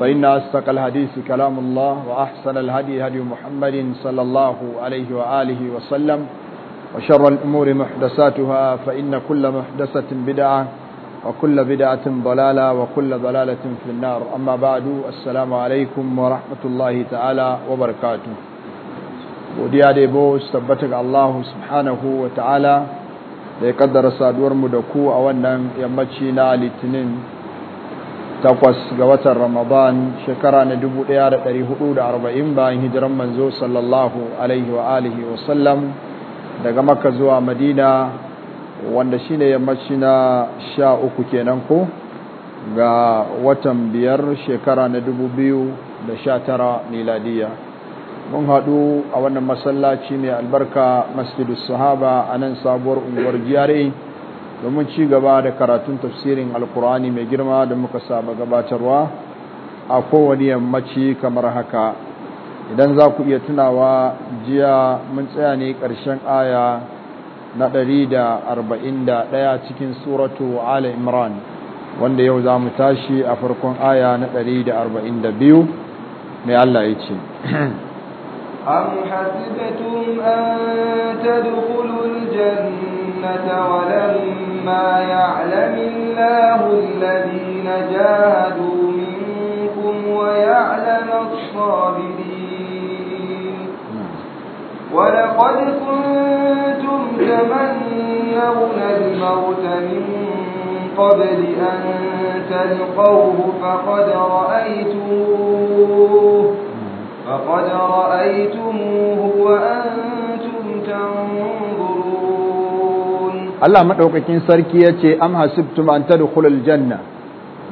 فإن أصدق الحديث كلام الله وأحسن الهدي هدي محمد صلى الله عليه وآله وسلم وشر الأمور محدثاتها فإن كل محدثة بدعة وكل بدعة ضلالة وكل ضلالة في النار أما بعد السلام عليكم ورحمة الله تعالى وبركاته godiya da yabo su tabbata ga Allah subhanahu wa ta'ala da ya kaddara saduwar mu da ku a wannan yammaci na litinin takwas ga watan Ramadan shekara na 1440 bayan hijiran manzo sallallahu alaihi wa alihi wa sallam daga Makka zuwa Madina wanda shine yammaci na uku kenan ko ga watan biyar shekara na dubu biyu da sha 2019 miladiya mun haɗu a wannan masallaci mai albarka masjidus sahaba a nan sabuwar unguwar GRA domin ci gaba da karatun tafsirin alkur'ani mai girma da muka saba gabatarwa a kowane yammaci kamar haka idan za ku iya tunawa jiya mun tsaya ne ƙarshen aya na 141 cikin suratu ala imran wanda yau za mu tashi a farkon aya na 142 mai Allah ya ce أم حسبتم أن تدخلوا الجنة ولما ما يعلم الله الذين جاهدوا منكم ويعلم الصابرين ولقد كنتم تمنون الموت من قبل أن تلقوه فقد رأيتموه فقد رأيتموه وأنتم تنظرون Allah madaukakin sarki yace am hasibtum an tadkhulul janna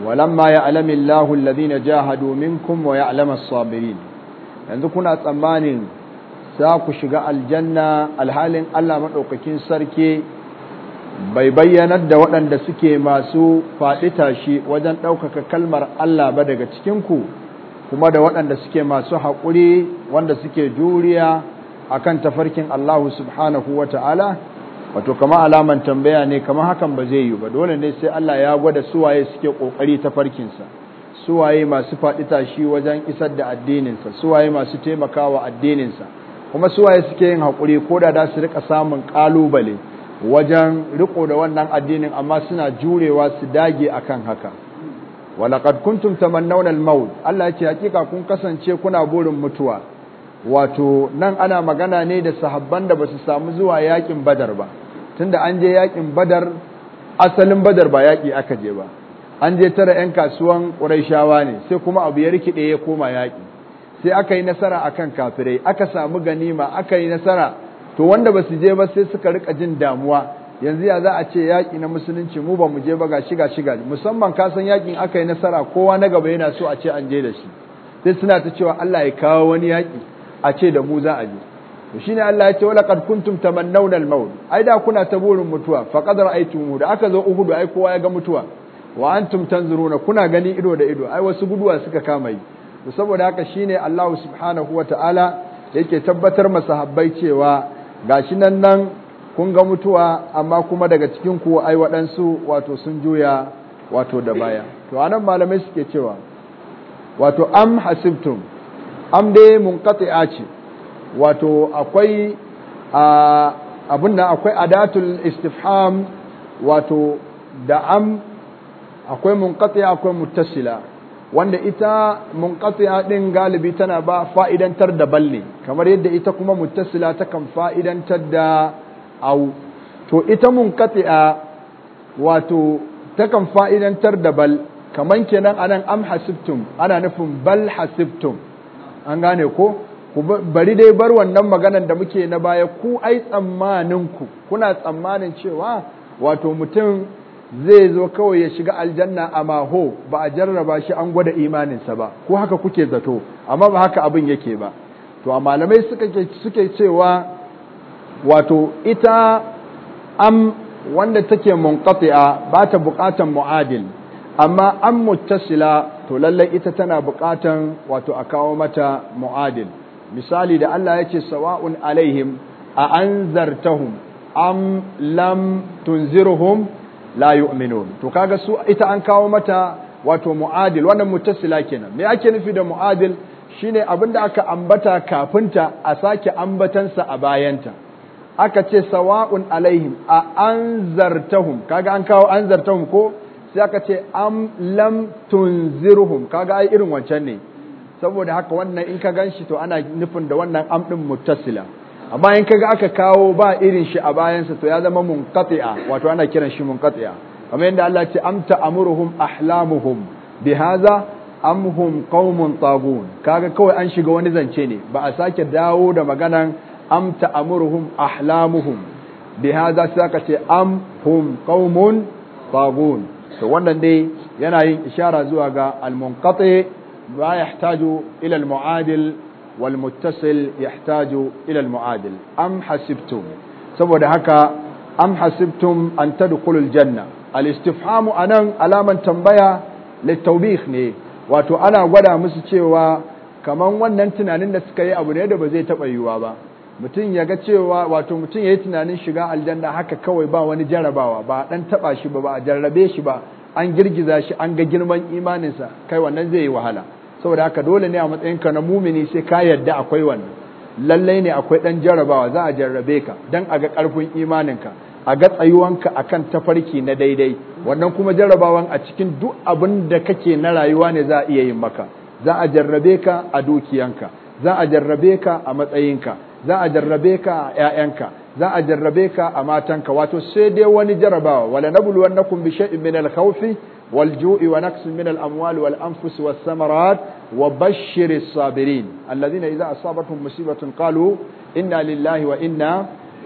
walamma ya'lamu Allahu alladhina jahadu minkum wa ya'lamu as-sabirin yanzu kuna tsammanin za ku shiga aljanna alhalin Allah madaukakin sarki bai bayyanar da waɗanda suke masu faɗi tashi wajen ɗaukaka kalmar Allah ba daga cikin ku kuma da waɗanda suke masu haƙuri wanda suke juriya akan tafarkin allahu subhanahu wata'ala wato kama alaman tambaya ne kama hakan ba zai yi ba dole ne sai Allah ya gwada suwaye suke kokari ta farkinsa suwaye masu faɗi tashi wajen isar da addininsa suwaye masu taimakawa addininsa kuma suwaye suke yin haƙuri ko da su rika samun ƙalubale wajen riko da wannan addinin amma suna jurewa su dage akan haka walaqad kuntum tamannawna al-maut Allah yake hakika kun kasance kuna burin mutuwa wato nan ana magana ne da sahabban da basu samu zuwa yakin badar ba tunda an je yakin badar asalin badar ba yaki aka je ba an je tara yan kasuwan quraishawa ne sai kuma abu ya rikide ya koma yaki sai aka yi nasara akan kafirai aka samu ganima aka yi nasara to wanda ba su je ba sai suka rika jin damuwa yanzu ya za a ce yaki na musulunci mu ba mu je ba ga shiga shiga musamman ka san yaƙin aka yi nasara kowa na gaba yana so a ce an je da shi sai suna ta cewa Allah ya kawo wani yaki a ce da mu za a je to shine Allah ya ce wala kad kuntum tamannawna al-maut ai da kuna ta burin mutuwa fa faqad mu da aka zo uhudu ai kowa ya ga mutuwa wa antum tanzuruna kuna gani ido da ido ai wasu guduwa suka kama yi to saboda haka shine Allah subhanahu wataala yake tabbatar masahabbai cewa gashi nan nan kun ga mutuwa amma kuma daga cikin ku ai waɗansu wato sun juya wato da baya to anan malamai suke cewa wato am hasibtum am dai munqati'a ce wato akwai abinda akwai adatul istifham wato da am akwai munqati'a akwai muttasila wanda ita munqati'a din galibi tana ba fa'idantar da balli kamar yadda ita kuma muttasila takan fa'idantar da au to ita munqati'a wato takan fa'idantar da bal kaman kenan anan am hasibtum ana nufin bal hasibtum an gane ko ku bari dai bar wannan maganan da muke na baya ku ai tsammanin ku kuna tsammanin cewa wato mutum zai zo kawai ya shiga aljanna a maho ba a jarraba shi an gwada imaninsa ba ko haka kuke zato amma ba haka abin yake ba to a malamai suke cewa wato ita am wanda take munqati'a ba ta buƙatan mu'adil amma an muttasila to lallai ita tana buƙatan wato a kawo mata mu'adil misali da Allah ya ce sawa'un alaihim a zartahun am lam tunzirhum la yu'minun to kaga su ita an kawo mata wato mu'adil wannan mutasila kenan me ake nufi da mu'adil shine abinda aka ambata kafinta a sake ambatansa a bayanta aka ce sawa'un alaihim a anzartahum kaga an kawo anzartahum ko sai aka ce am lam tunzirhum kaga ai irin wancan ne saboda haka wannan in ka ganshi to ana nufin da wannan amɗin mutasila amma in ka kaga aka kawo ba irin shi a bayansa to ya zama munqati'a wato ana kiran shi munqati'a kamar yadda Allah ce amta amuruhum ahlamuhum bi hadha am qaumun tagun kaga kawai an shiga wani zance ne ba a sake dawo da maganan amta amuruhum ahlamuhum bi hadha saka ce am qaumun tagun to wannan dai yana yin ishara zuwa ga al-munqati لا يحتاج إلى المعادل والمتصل يحتاج إلى المعادل أم حسبتم سبب هكا أم حسبتم أن تدخلوا الجنة الاستفهام أنا ألاما تنبيا للتوبيخ ني wato ana gwada musu cewa kaman wannan tunanin da suka yi abu ne da ba zai taɓa yiwuwa ba mutum ya ga cewa wato mutum ya yi tunanin shiga aljanna haka kawai ba wani jarabawa. ba ɗan taɓa shi ba ba a jarrabe shi ba an girgiza shi an ga girman imaninsa kai wannan zai yi wahala saboda haka dole ne a matsayinka na mumini sai ka yadda akwai wannan lallai ne akwai dan jarrabawa za a jarrabe ka dan a ga karfin imaninka a ga tsayuwanka akan tafarki na daidai wannan kuma jarrabawan a cikin duk abin da kake na rayuwa ne za a iya yin maka za a jarrabe ka a dukiyanka za a jarrabe ka a matsayinka za a jarrabe ka a 'ya'yanka za a jarrabe ka a matanka wato sai dai wani jarrabawa wala nabulu wannakum bi shay'in min al-khawfi wal ju'i wa naqsin min al-amwali wal anfusi was samarat wa bashshir as-sabirin alladhina idha asabatuhum musibatun qalu inna lillahi wa inna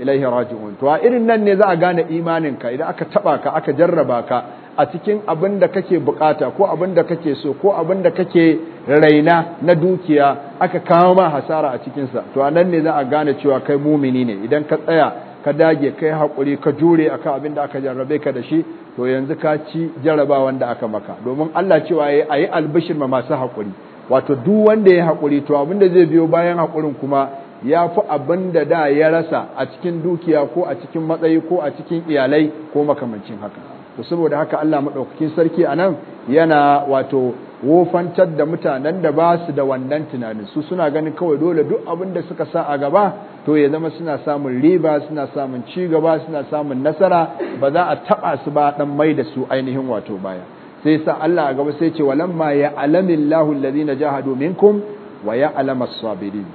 ilayhi raji'un to a irin nan ne za a gane imanin ka idan aka taɓa ka aka jarraba ka a cikin abin da kake bukata ko abin da kake so ko abin da kake raina na dukiya aka kawo ma hasara a cikinsa to anan ne za a gane cewa kai mumini ne idan ka tsaya ka dage kai hakuri ka jure akan abin da aka jarrabe ka da shi to yanzu ka ci jarrabawan da aka maka domin Allah cewa a ayi albishir ma masu hakuri wato duk wanda ya hakuri to abin da zai biyo bayan hakurin kuma ya fi abin da da ya rasa a cikin dukiya ko a cikin matsayi ko a cikin iyalai ko makamancin haka to saboda haka Allah madaukakin sarki anan yana wato wofantar da mutanen da ba su da wannan tunanin su suna ganin kawai dole duk abin da suka sa a gaba to ya zama suna samun riba suna samun ci gaba suna samun nasara ba za a taba su ba dan mai da su ainihin wato baya sai sa Allah a gaba sai ce walamma ya alamillahu alladhina jahadu minkum wa ya alamas sabirin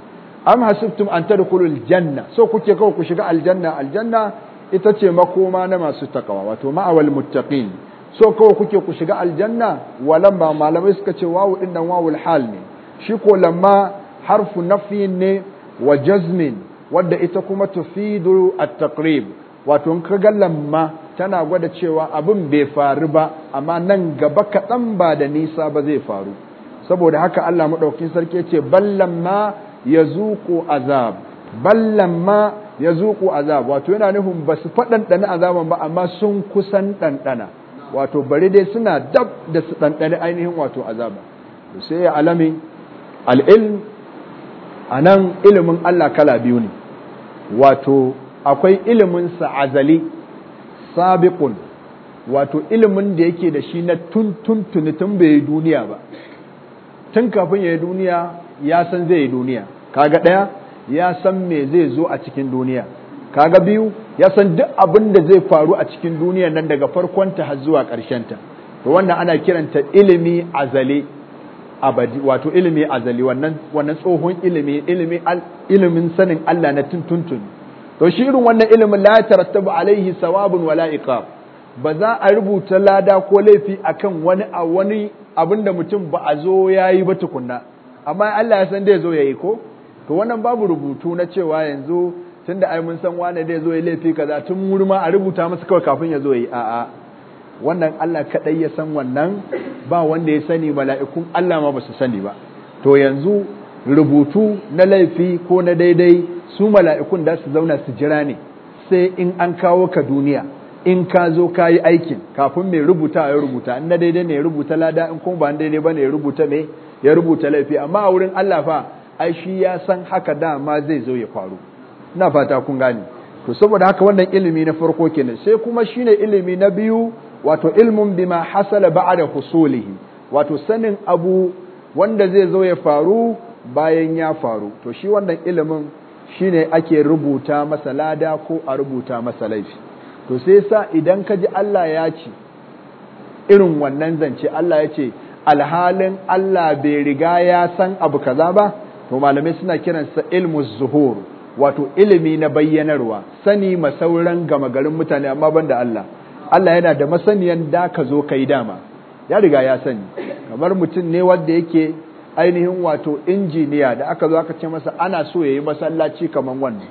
am hasibtum an tadkhulul janna so kuke kawai ku shiga aljanna aljanna ita ce makoma na masu takawa wato ma'awal muttaqin so kawai kuke ku shiga aljanna walan ba malamai suka ce wawu din nan wawul hal ne shi ko lamma harfu nafi ne wa jazmin wadda ita kuma tufidu at-taqrib wato in ka lamma tana gwada cewa abin bai faru ba amma nan gaba kaɗan ba da nisa ba zai faru saboda haka Allah madaukakin sarki ya ce ballamma yazuqu azab ballamma ya zuku azab wato yana nufin ba su ɗana azaban ba amma sun kusan ɗanɗana wato bari dai suna dab da su ɗanɗani ainihin wato azaba sai ya alami al'ilm a nan ilimin Allah kala biyu ne wato akwai ilimin sa azali sabiqun wato ilimin da yake da shi na tun tun tuni tun bai yi duniya ba tun kafin ya yi duniya ya san zai yi duniya kaga ɗaya ya san me zai zo a cikin duniya kaga biyu ya san duk abin da zai faru a cikin duniya nan daga farkonta har zuwa ta to wannan ana kiranta ilimi azali abadi wato ilimi azali wannan wannan tsohon ilimi ilimi ilimin sanin Allah na tuntuntun to shi irin wannan ilimin la tarattabu alaihi sawabun wala iqab ba za a rubuta lada ko laifi akan wani a wani abinda mutum ba a zo yayi ba tukunna amma Allah ya san dai zo yayi ko to wannan babu rubutu na cewa yanzu tunda ai mun san wane zai zo ya laifi kaza tun murma a rubuta masa kawai kafin ya zo yi a'a wannan Allah kaɗai ya san wannan ba wanda ya sani mala'ikun Allah ma basu sani ba to yanzu rubutu na laifi ko na daidai su mala'ikun da su zauna su jira ne sai in an kawo ka duniya in ka zo ka yi aikin kafin mai rubuta ya rubuta in na daidai ne ya rubuta lada in kuma ba daidai ba ne ya rubuta ne ya rubuta laifi amma a wurin Allah fa ai shi ya san haka dama zai zo ya faru ina fata kun gani to saboda haka wannan ilimi na farko kenan sai kuma shine ilimi na biyu wato ilmun bima hasala ba'da husulihi wato sanin abu wanda zai zo ya faru bayan ya faru to shi wannan ilimin shine ake rubuta masa lada ko a rubuta masa laifi to sai sa idan ka ji Allah ya ce irin wannan zance Allah ya ce alhalin Allah bai riga ya san abu kaza ba to malamai suna kiransa ilmu zuhur wato ilimi na bayyanarwa sani masauran gama garin mutane amma banda Allah Allah yana da masaniyan da ka zo ka yi dama ya riga ya sani kamar mutum ne wanda yake ainihin wato injiniya da aka zo aka ce masa ana so ya yi masallaci kaman wannan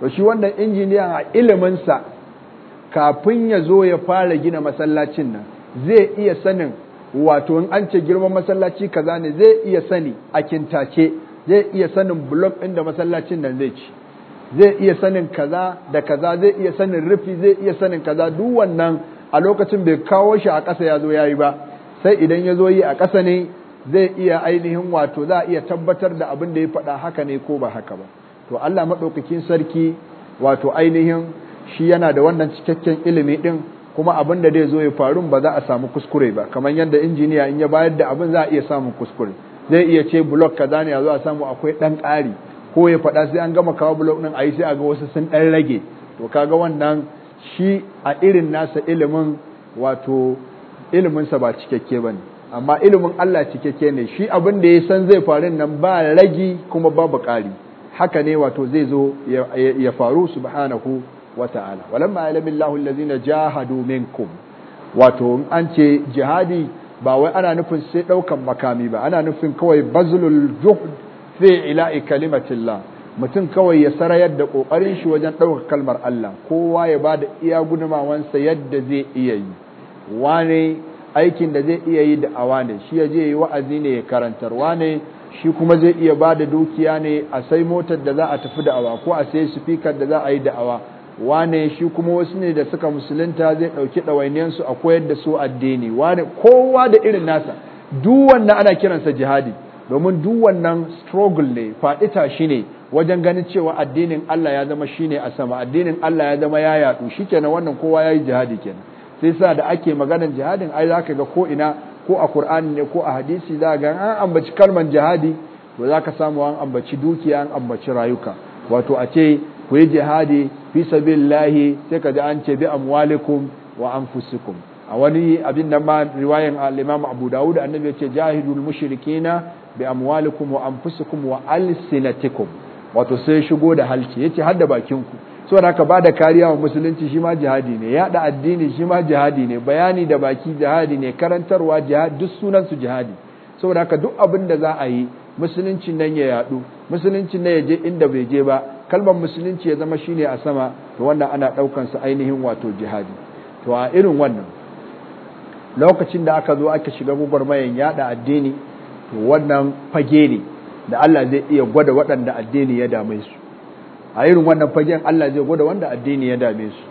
to shi wannan injiniya a ilimin kafin ya zo ya fara gina masallacin nan zai iya sanin wato in an ce girman masallaci kaza ne zai iya sani a kintace zai iya sanin blok ɗin da masallacin nan zai ci zai iya sanin kaza da kaza zai iya sanin rufi zai iya sanin kaza duk wannan a lokacin bai kawo shi a ƙasa ya zo ya yi ba sai idan ya zo yi a ƙasa ne zai iya ainihin wato za a iya tabbatar da abin da ya faɗa haka ne ko ba haka ba to Allah maɗaukakin sarki wato ainihin shi yana da wannan cikakken ilimi ɗin kuma abin da zai zo ya faru ba za a samu kuskure ba kamar yadda injiniya in ya bayar da abin za a iya samun kuskure zai iya ce blok kaza ne a zo a samu akwai ɗan ƙari ko ya faɗa sai an gama kawo blok ɗin a yi sai a ga wasu sun ɗan rage to kaga wannan shi a irin nasa ilimin wato iliminsa ba cikakke ba ne amma ilimin Allah cikakke ne shi abin da ya san zai faru nan ba ragi kuma babu ƙari haka ne wato zai zo ya faru subhanahu wata'ala walamma ya'lamu Allahu allazina jahadu minkum wato an ce jihadi ba wai ana nufin sai ɗaukan makami ba ana nufin kawai bazlul juhd fi ila'i kalimatillah mutum kawai ya sarayar da ƙoƙarin shi wajen ɗaukar kalmar Allah kowa ya ba da iya gudumawansa yadda zai iya yi wane aikin da zai iya yi da awane shi ya je yi wa'azi ne ya karantar wane shi kuma zai iya ba da dukiya ne a sai motar da za a tafi da awa ko a sai sifikar da za a yi da awa wane shi kuma wasu ne da suka musulunta zai ɗauki ɗawainiyarsu a koyar da su addini wane kowa da irin nasa duk wannan ana kiransa jihadi domin duk wannan struggle ne faɗita shi ne wajen ganin cewa addinin Allah ya zama shine a sama addinin Allah ya zama ya yaɗu kenan wannan kowa yayi jihadi kenan sai sa da ake maganar jihadin ai zaka ga ko ina ko a kur'ani ne ko a hadisi za ga an ambaci kalman jihadi to za ka samu an ambaci dukiya an ambaci rayuka wato a ce ku yi jihadi fi lahi sai ka ji an ce bi amwalikum wa fusikum a wani abin da ma riwayan Alimam Abu Dawud annabi ce jahidul mushrikina bi amwalikum wa fusikum wa alsinatikum wato sai shigo da halci ce har da bakin ku saboda ba da kariya wa musulunci shi ma jihadi ne yada addini shi ma jihadi ne bayani da baki jihadi ne karantarwa jihadi duk sunan su jihadi saboda haka duk abin da za a yi musulunci nan ya yadu musulunci nan ya je inda bai je ba kalmar musulunci ya zama shine a sama to wannan ana daukan sa ainihin wato jihadi to a irin wannan lokacin da aka zo aka shiga gugurmayan yada addini to wannan fage ne da Allah zai iya gwada waɗanda addini ya dame su a irin wannan fagen Allah zai gwada wanda addini ya dame su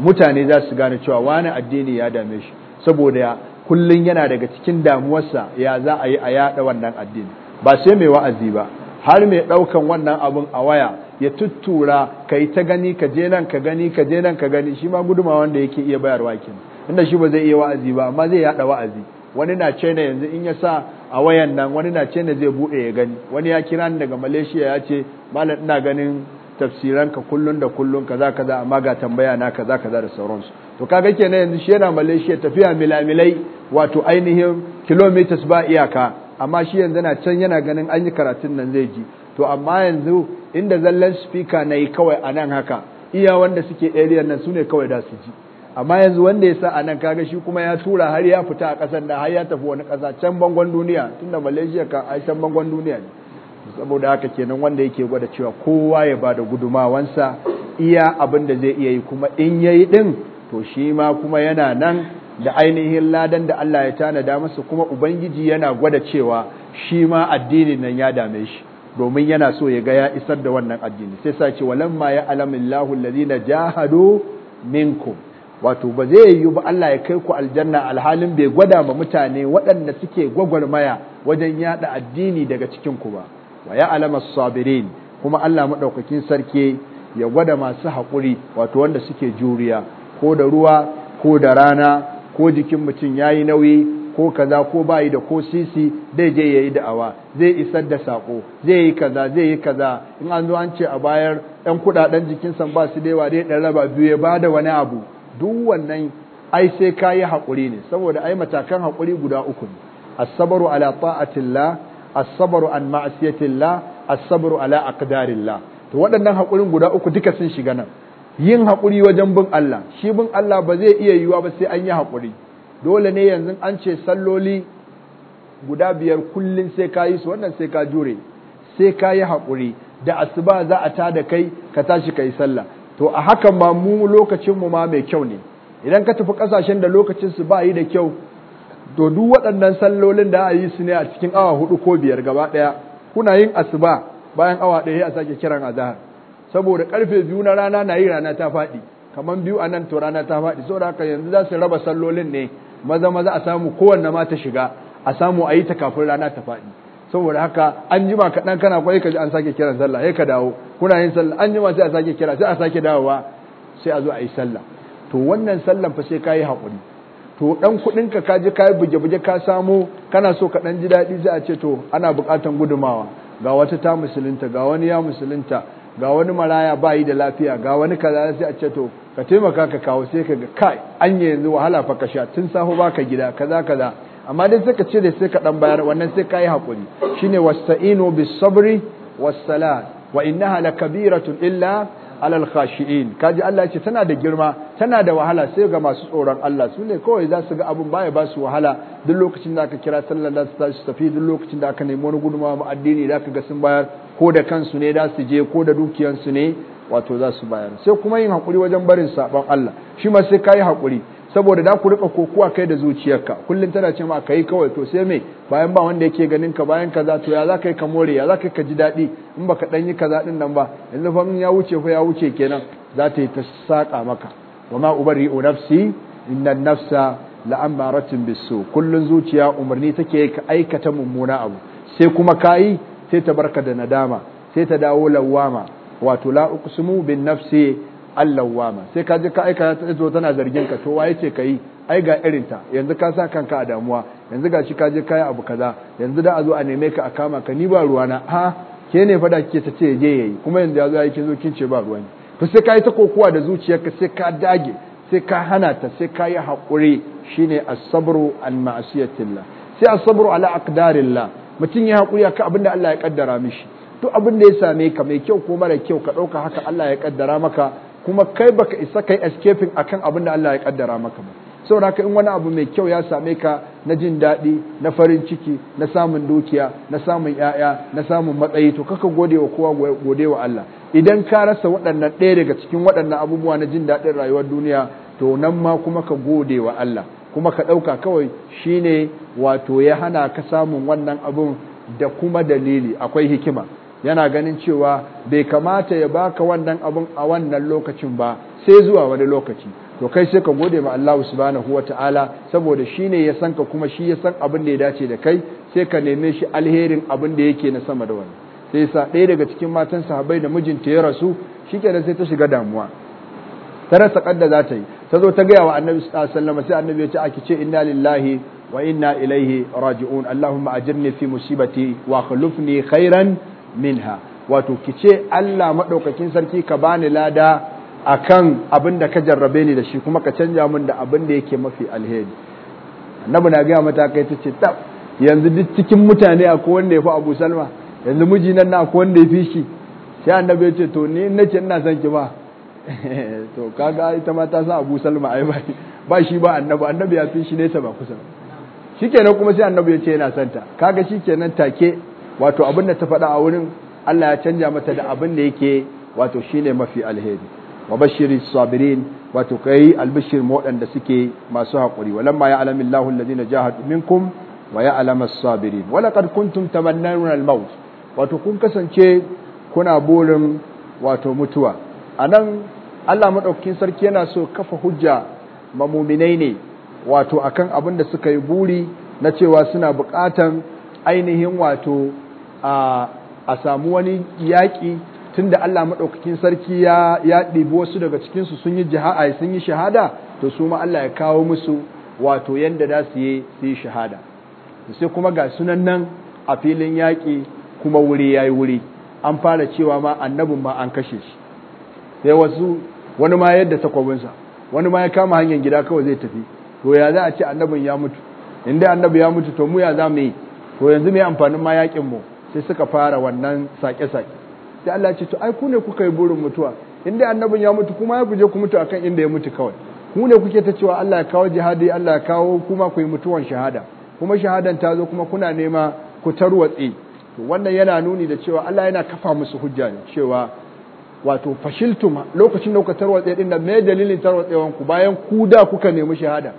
mutane za su gane cewa wani addini ya dame shi saboda kullun yana daga cikin damuwarsa ya za a yi a yada wannan addini ba sai mai wa'azi ba har mai daukan wannan abun a waya ya tuttura ka yi ta gani ka je nan ka gani ka je nan ka gani shi ma guduma wanda yake iya bayarwa kin inda shi ba zai iya wa'azi ba amma zai yada wa'azi wani na ce na yanzu in ya sa a wayan nan wani na ce na zai bude ya gani wani ya kira ni daga Malaysia ya ce malam ina ganin tafsiran ka kullun da kullun kaza kaza amma ga tambaya na kaza kaza da sauransu to kaga kenan yanzu shi yana Malaysia tafiya milamilai wato ainihin kilometers ba iyaka amma shi yanzu na can yana ganin an yi karatun nan zai ji to amma yanzu inda zallan speaker na yi kawai a nan haka iya wanda suke area nan su ne kawai da su ji amma yanzu wanda ya sa a nan kaga shi kuma ya tura har ya fita a ƙasar da har ya tafi wani ƙasa can bangon duniya tunda malaysia kan ai can bangon duniya ne saboda haka kenan wanda yake gwada cewa kowa ya ba da gudumawansa iya abin da zai iya yi kuma in ya yi ɗin to shi ma kuma yana nan da ainihin ladan da Allah ya tanada masa kuma Ubangiji yana gwada cewa shi ma addinin nan ya dame shi domin yana so ya ga ya isar da wannan addini sai sa ce ma ya alamillahu alladhina jahadu minkum wato ba zai yiwu ba Allah ya kai ku aljanna alhalin bai gwada ma mutane waɗanda suke gwagwarmaya wajen yada addini daga cikin ku ba wa ya alama sabirin kuma Allah madaukakin sarki ya gwada masu haƙuri wato wanda suke juriya ko da ruwa ko da rana ko jikin mutum yayi nauyi ko kaza ko bayi da ko sisi dai je yayi awa zai isar da sako zai yi kaza zai yi kaza in an zo an ce a bayar ɗan kuɗaɗen jikinsa ba su da yawa dai ɗan raba biyu ya bada wani abu duk wannan ai sai ka yi haƙuri ne saboda ai matakan haƙuri guda uku ne as-sabru ala ta'atillah as-sabru an ma'siyatillah as-sabru ala aqdarillah to waɗannan haƙurin guda uku duka sun shiga nan yin haƙuri wajen bin Allah shi bin Allah ba zai iya yiwuwa ba sai an yi haƙuri dole ne yanzu an ce salloli guda biyar kullum sai ka yi su wannan sai ka jure sai ka yi haƙuri da asuba za a tada kai ka tashi ka yi sallah to a hakan ma mu lokacinmu ma mai kyau ne idan ka tafi ƙasashen da lokacinsu ba yi da kyau to duk waɗannan sallolin da a yi su ne a cikin awa hudu ko biyar gaba ɗaya kuna yin asuba bayan awa ɗaya a sake kiran azahar saboda karfe biyu na rana na yi rana ta faɗi kamar biyu a nan to rana ta faɗi saboda haka yanzu za su raba sallolin ne maza maza a samu kowanne ma ta shiga a samu a yi ta kafin rana ta faɗi saboda haka an jima kaɗan kana kwaye ka ji an sake kiran sallah sai ka dawo kuna yin sallah an jima sai a sake kira sai a sake dawowa sai a zo a yi sallah to wannan sallan fa sai ka yi haƙuri to dan kuɗin ka ka ji ka yi buge-buge ka samu kana so ka ɗan ji daɗi sai a ce to ana buƙatan gudumawa ga wata ta musulunta ga wani ya musulunta ga wani maraya ba bayi da lafiya ga wani kaza sai a ce to ka taimaka ka kawo sai ka ga kai yi yanzu wahala fa ka sha tun safe ka gida kaza kaza amma dai sai ka ce da sai ka dan bayar wannan sai kai hakuri shine wasta'inu bis sabri was salat wa innaha lakabiratun illa alal khashi'in kaji Allah ce tana da girma tana da wahala sai ga masu tsoron Allah su ne kawai za su ga abun baya ba su wahala duk lokacin da aka kira sallar da su tafi duk lokacin da aka nemi wani gudunmawa mu addini da aka ga sun bayar ko da kansu ne za su je ko da dukiyansu ne wato za su bayar sai kuma yin hakuri wajen barin saban Allah shi ma sai ka yi hakuri saboda da ku rika kokowa kai da zuciyarka kullum tana ce ma yi kawai to sai me bayan ba wanda yake ganin ka bayan kaza to ya za ka yi ka more ya za ka yi ka ji daɗi in baka ɗan yi kaza zaɗin nan ba yanzu fa ya wuce fa ya wuce kenan za ta yi ta saƙa maka wa ma o nafsi inna nafsa la'amaratin bisu kullum zuciya umarni take ka aikata mummuna abu sai kuma yi sai ta barka da nadama sai ta dawo lawama wato la uqsimu bin nafsi allawama sai ka je ka aika ta zo tana zargin ka to waye ce kai ai ga irin ta yanzu ka sa kanka a damuwa yanzu gashi ka je kai abu kaza yanzu da a zo a neme ka a kama ka ni ba na ha ke ne fada kike ta ce je yayi kuma yanzu ya zo yake zo kin ce ba ruwani to sai ka ta kokuwa da ka sai ka dage sai ka hana ta sai ka yi haƙuri shine as-sabru an ma'asiyatillah sai as-sabru ala aqdarillah mutum ya haƙuri akan abin da Allah ya kaddara mishi duk abin da ya same ka mai kyau ko mara kyau ka ɗauka haka Allah ya kaddara maka kuma kai baka isa kai escaping akan abin da Allah ya ƙaddara maka ba saboda haka in wani abu mai kyau ya same ka na jin daɗi na farin ciki na samun dukiya na samun ƴaƴa na samun matsayi to kaka gode wa kowa gode wa Allah idan ka rasa waɗannan ɗaya daga cikin waɗannan abubuwa na jin daɗin rayuwar duniya to nan ma kuma ka gode wa Allah kuma ka ɗauka kawai shine wato ya hana ka samun wannan abun da kuma dalili akwai hikima yana ganin cewa bai kamata ya baka wannan abin a wannan lokacin ba sai zuwa wani lokaci to kai sai ka gode ma Allah subhanahu ta'ala saboda shine ya san ka kuma shi ya san abin da ya dace da kai sai ka neme shi alherin abin da yake na sama da wani sai sa ɗaya daga cikin matan sahabbai da mijinta ya rasu shi shikenan sai ta shiga damuwa ta rasa kadda za ta yi ta zo ta gaya wa annabi sallallahu alaihi sai annabi ya ce aki ce inna lillahi wa inna ilaihi raji'un allahumma ajirni fi musibati wa khulufni khairan minha wato ki ce Allah madaukakin sarki ka bani lada akan abin da ka jarrabe ni da shi kuma ka canja min da abin da yake mafi alheri annabi na gaya mata kai ta ce tab yanzu duk cikin mutane akwai wanda ya fi Abu Salma yanzu miji nan na akwai wanda ya fi shi sai annabi ya ce to ni nace ina san ki ba to kaga ita ma ta sa Abu Salma ai bai ba shi ba annabi annabi ya fi shi nesa ba kusa shikenan kuma sai annabi ya ce yana santa kaga shikenan take wato abin da ta faɗa a wurin Allah ya canja mata da abin da yake wato shine mafi alheri wa bashiri sabirin wato kai albishir wadanda suke masu hakuri walamma ya alamin lahu alladhina jahadu minkum wa ya alama sabirin wala kuntum tamannuna almaut maut wato kun kasance kuna burin wato mutuwa anan Allah maɗaukin sarki yana so kafa hujja mamuminai ne wato akan abin da suka yi buri na cewa suna buƙatan ainihin wato a samu wani yaƙi da Allah madaukakin sarki ya ya ɗibi wasu daga cikinsu sun yi jihada sun yi shahada to su ma Allah ya kawo musu wato yadda da su yi shahada sai kuma ga sunan nan a filin yaƙi kuma wuri ya yi wuri an fara cewa ma annabin ma an kashe shi sai wasu wani ma yadda takwabinsa wani ma ya kama hanyar gida kawai zai tafi to ya za a ce annabin ya mutu in dai annabi ya mutu to mu ya za mu yi to yanzu mai amfanin ma yaƙinmu mu sai suka fara wannan sake-sake sai Allah ce to ai ku ne kuka yi burin mutuwa in dai annabin ya mutu kuma ya kuje ku mutu akan inda ya mutu kawai ku ne kuke ta cewa Allah ya kawo jihadi Allah ya kawo kuma ku yi mutuwan shahada kuma shahadan ta zo kuma kuna nema ku tarwatse to wannan yana nuni da cewa Allah yana kafa musu hujja cewa wato fashiltuma lokacin da kuka tarwatse din da me dalilin tarwatsewan ku bayan ku da kuka nemi shahada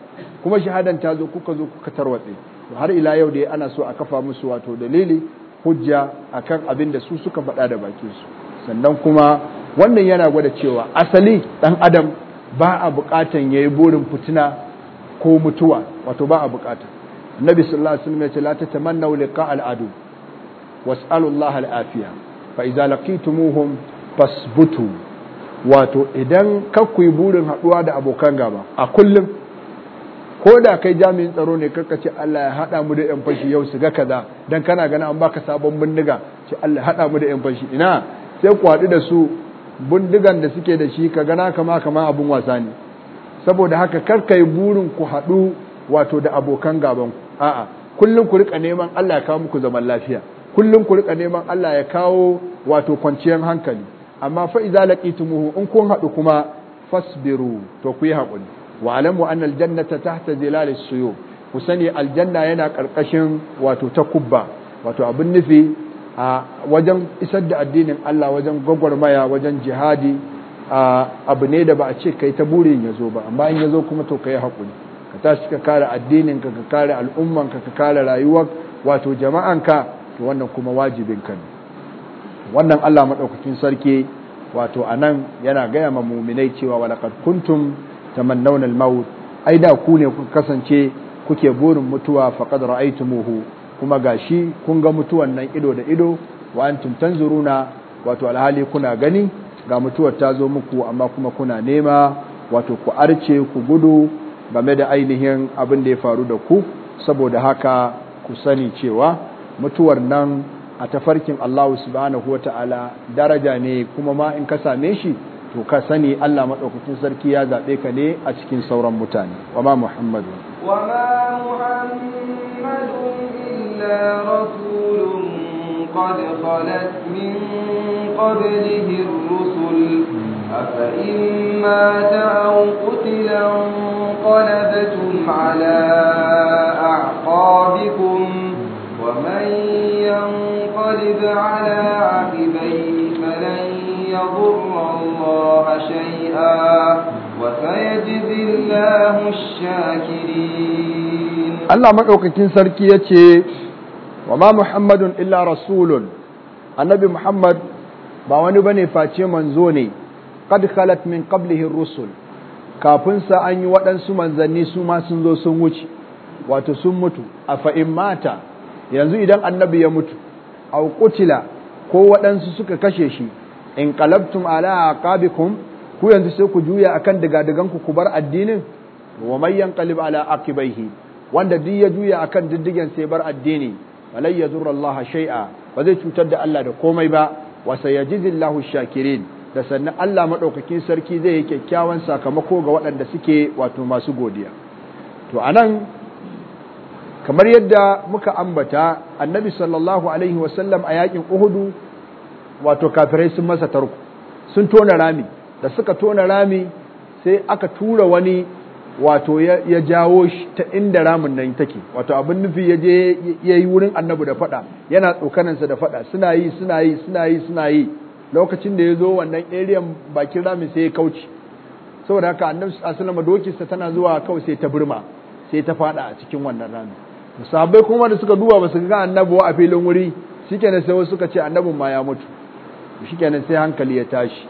kuma shahadan ta zo kuka zo kuka tarwatse har ila yau dai ana so a kafa musu wato dalili hujja akan abin da su suka faɗa da bakin su sannan kuma wannan yana gwada cewa asali dan adam ba a buƙatan yayi burin fitina ko mutuwa wato ba a buƙata annabi sallallahu alaihi wasallam ya ce la tatamannu liqa al adu was'alullaha al afiya fa idza laqitumuhum fasbutu wato idan kakku yi burin haɗuwa da abokan gaba a kullum ko da kai jami'in tsaro ne karka ce Allah ya haɗa mu da yan fashi yau su ga kaza dan kana gani an baka sabon bindiga ce Allah ya haɗa mu da yan fashi ina sai ku haɗu da su bindigan da suke da shi ka gana kama kama abun wasa ne saboda haka karka yi burin ku haɗu wato da abokan gaban ku a'a kullum ku rika neman Allah ya kawo muku zaman lafiya kullum ku rika neman Allah ya kawo wato kwanciyar hankali amma fa idza laqitumuhu in kun haɗu kuma fasbiru to ku yi hakuri wa alamu anna aljannata tahta zilal suyub ku sani aljanna yana karkashin wato ta kubba wato abin nufi a wajen isar da addinin Allah wajen gwagwarmaya wajen jihadi abu ne da ba a ce kai ta burin ya zo ba amma in ya zo kuma to ka yi haƙuri ka tashi ka kare addinin ka ka kare al'umman ka ka kare rayuwar wato jama'anka to wannan kuma wajibin ka ne wannan Allah maɗaukakin sarki wato anan yana gaya ma muminai cewa walaqad kuntum tamannawna al-maut ai da ku ne kuka kasance kuke burin mutuwa faqad ra'aytumuhu kuma gashi kun ga mutuwan nan ido da ido wa antum tanzuruna wato alhali kuna gani ga mutuwar ta zo muku amma kuma kuna nema wato ku arce ku gudu game da ainihin abin da ya faru da ku saboda haka ku sani cewa mutuwar nan a tafarkin Allah subhanahu wa ta'ala daraja ne kuma ma in ka same shi to ka sani Allah maɗaukakin sarki ya zaɓe ka ne a cikin sauran mutane wa ma Muhammadu wa ma muhammadun illa rasulun qad min qablihi rusul afa in mata aw ومن ينقلب على عقبيه فلن يضر الله شيئا وسيجزي الله الشاكرين الله مدوكين سركي yace wama muhammadun illa rasulun annabi muhammad ba wani bane face manzo ne qad khalat min qablihi rusul kafin sa an yi waɗansu manzanni su ma sun zo sun wuce wato sun mutu a fa'in mata yanzu idan annabi ya mutu aw kutila ko waɗansu suka kashe shi in qalabtum ala aqabikum ku yanzu sai ku juya akan digadigan ku ku bar addinin wa man yanqalib ala aqibaihi wanda duk ya juya akan diddigen sai bar addini balai yadurra Allah shay'a ba zai cutar da Allah da komai ba ya ji sayajizillahu shakirin da sannan Allah madaukakin sarki zai yi kyakkyawan sakamako ga waɗanda suke wato masu godiya to anan kamar yadda muka ambata annabi sallallahu alaihi wasallam a yakin uhudu wato kafirai sun masa tarko sun tona rami da suka tona rami sai aka tura wani wato ya jawo shi ta inda ramin nan take wato abin nufi ya je ya yi wurin annabi da fada yana tsokaninsa da fada suna yi suna yi suna yi suna yi lokacin da ya zo wannan eriyan bakin rami sai ya kauce saboda haka annabi sallallahu alaihi wasallam dokinsa tana zuwa kawai sai ta burma sai ta fada a cikin wannan ramin sahabbai kuma da suka duba ba su ga annabi a filin wuri shikenan sai wasu suka ce annabin ma ya mutu shikenan sai hankali ya tashi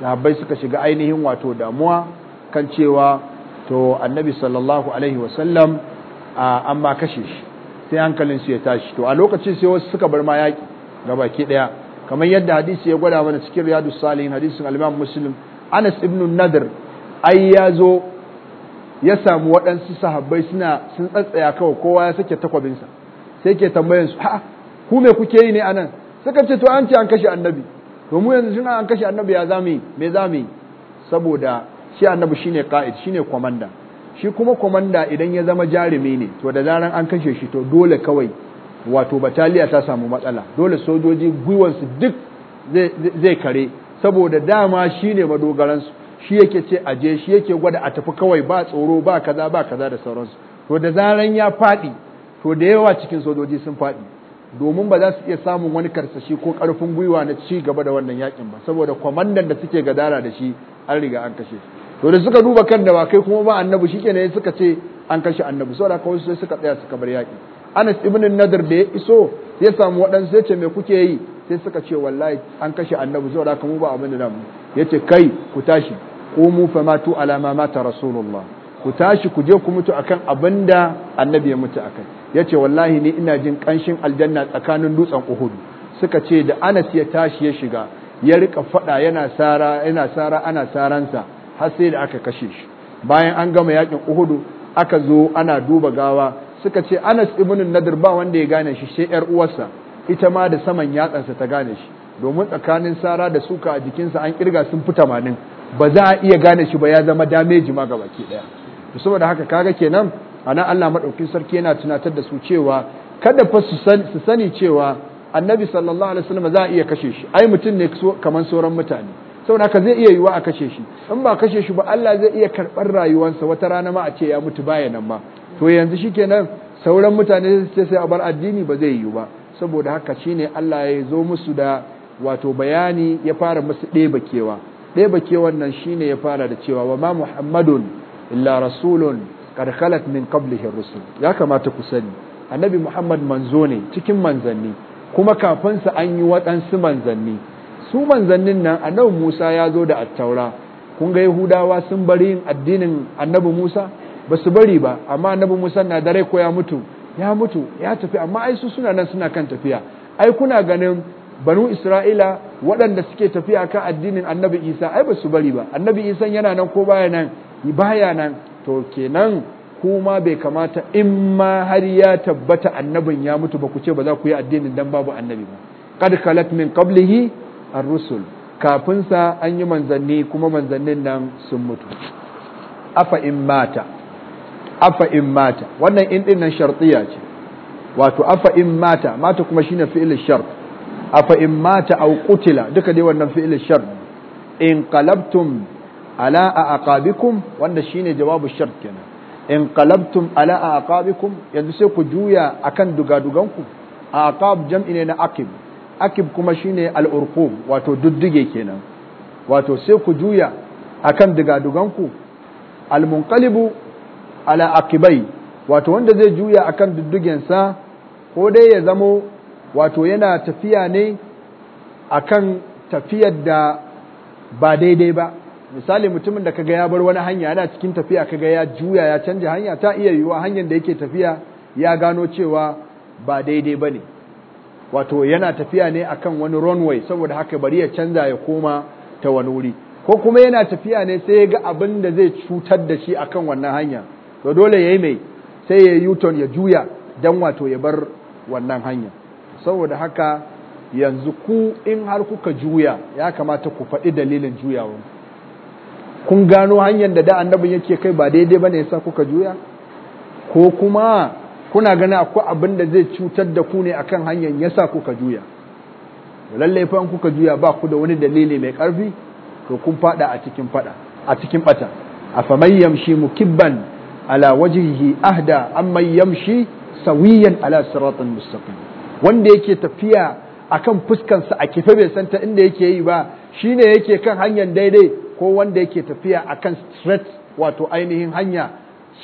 sahabbai suka shiga ainihin wato damuwa kan cewa to annabi sallallahu alaihi wasallam an ma kashe shi sai hankalin su ya tashi to a lokacin sai wasu suka bar ma yaki gabaki daya kamar yadda hadisi ya gwada mana cikin riyadus salihin hadisin al-imam muslim Anas ibn Nadir ai ya zo ya samu waɗansu sahabbai suna sun tsatsaya kawai kowa ya sake takwabinsa sai ke tambayan su a'a ku me kuke yi ne anan suka ce to an ce an kashe annabi to mu yanzu shin an kashe annabi ya zamu yi me zamu yi saboda shi annabi shine qa'id shine komanda shi kuma kwamanda idan ya zama jarumi ne to da zaran an kashe shi to dole kawai wato bataliya ta samu matsala dole sojoji gwiwansu duk zai kare saboda dama shine madogaransu shi yake ce a aje shi yake gwada a tafi kawai ba tsoro ba kaza ba kaza da sauransu to da zaran ya faɗi to da yawa cikin sojoji sun faɗi domin ba za su iya samun wani karsashi ko karfin gwiwa na ci gaba da wannan yakin ba saboda kwamandan da suke gadara da shi an riga an kashe to da suka duba kan da kai kuma ba annabi kenan suka ce an kashe annabi saboda kawai sai suka tsaya suka bar yaki Anas ibn Nadir da ya iso ya samu waɗansu ya ce me kuke yi sai suka ce wallahi an kashe annabi saboda kuma ba abin da ya yace kai ku tashi fa matu ala ma mata rasulullah ku tashi ku je ku mutu akan abinda annabi ya mutu akan yace wallahi ni ina jin kanshin aljanna tsakanin dutsen Uhud suka ce da Anas ya tashi ya shiga ya rika fada yana sara yana sara ana saransa har sai da aka kashe shi bayan an gama yakin Uhud aka zo ana duba gawa suka ce Anas ibn Nadir ba wanda ya gane shi sai yar uwarsa ita ma da saman yatsansa ta gane shi domin tsakanin sara da suka a jikinsa an kirga sun fi tamanin ba za a iya gane shi ba ya zama dameji ma baki daya to saboda haka kaga kenan ana Allah madaukin sarki yana tunatar da su cewa kada fa su sani cewa annabi sallallahu alaihi wasallam za a iya kashe shi ai mutum ne kaman sauran mutane saboda haka zai iya yiwa a kashe shi in ba kashe shi ba Allah zai iya karɓar rayuwarsa wata rana ma a ce ya mutu baya nan ma to yanzu shikenan sauran mutane sai sai a bar addini ba zai yiwu ba saboda haka shine Allah ya zo musu da wato bayani ya fara musu ɗeba kewa ɗaya bake wannan shine ya fara da cewa wa ma muhammadun illa rasulun qad min ƙablihin rusul ya kamata ku sani annabi muhammad manzo ne cikin manzanni kuma kafin an yi waɗansu manzanni su manzannin nan annabi musa ya zo da attaura kun ga yahudawa sun bari yin addinin annabi musa ba su bari ba amma annabi musa na dare ko ya mutu ya mutu ya tafi amma ai su suna nan suna kan tafiya ai kuna ganin banu isra'ila waɗanda suke tafiya kan addinin annabi isa ai ba su bari ba annabi isa yana nan ko baya nan baya nan to kenan kuma bai kamata in ma har ya tabbata annabin ya mutu ba ku ce ba za ku yi addinin dan babu annabi ba kad kalat min qablihi ar-rusul kafinsa sa an yi manzanni kuma manzannin nan sun mutu afa in mata afa in mata wannan in din nan shartiya ce wato afa in mata mata kuma shine fi'il shart afa in mata au kutila duka dai wannan fi'il shart in qalabtum ala aqabikum wanda shine jawabu shart kenan in qalabtum ala aqabikum yanzu sai ku juya akan dugaduganku aqab jam'i ne na aqib akib kuma shine urqub wato duddige kenan wato sai ku juya akan al munqalibu ala aqibai wato wanda zai juya akan duddugensa ko dai ya zamo wato yana tafiya ne akan tafiyar da ba daidai ba misali mutumin da kaga ya bar wani hanya yana cikin tafiya kaga ya juya ya canja hanya ta iya yiwuwa hanyar da yake tafiya ya gano cewa ba daidai ba ne wato yana tafiya ne akan wani runway saboda haka bari ya canza ya koma ta wani wuri ko kuma yana tafiya ne sai ya ga abin da zai cutar da shi akan wannan hanya to dole ya yi mai sai ya yi ya juya don wato ya bar wannan hanya saboda haka yanzu ku in har kuka juya ya kamata ku faɗi dalilin juyawa kun gano hanyar da da annabin yake kai ba daidai ba ne ya sa kuka juya ko kuma kuna gani akwai abin da zai cutar da ku ne akan hanyar ya sa kuka juya lallai fa kuka juya ba ku da wani dalili mai ƙarfi? to kun fada a cikin fada a cikin bata afaman yamshi mukibban ala wajihi ahda amman yamshi sawiyan ala siratin mustaqim wanda yake tafiya akan fuskansa a kife bai santa inda yake yi ba shine yake kan hanyar daidai ko wanda yake tafiya akan straight wato ainihin hanya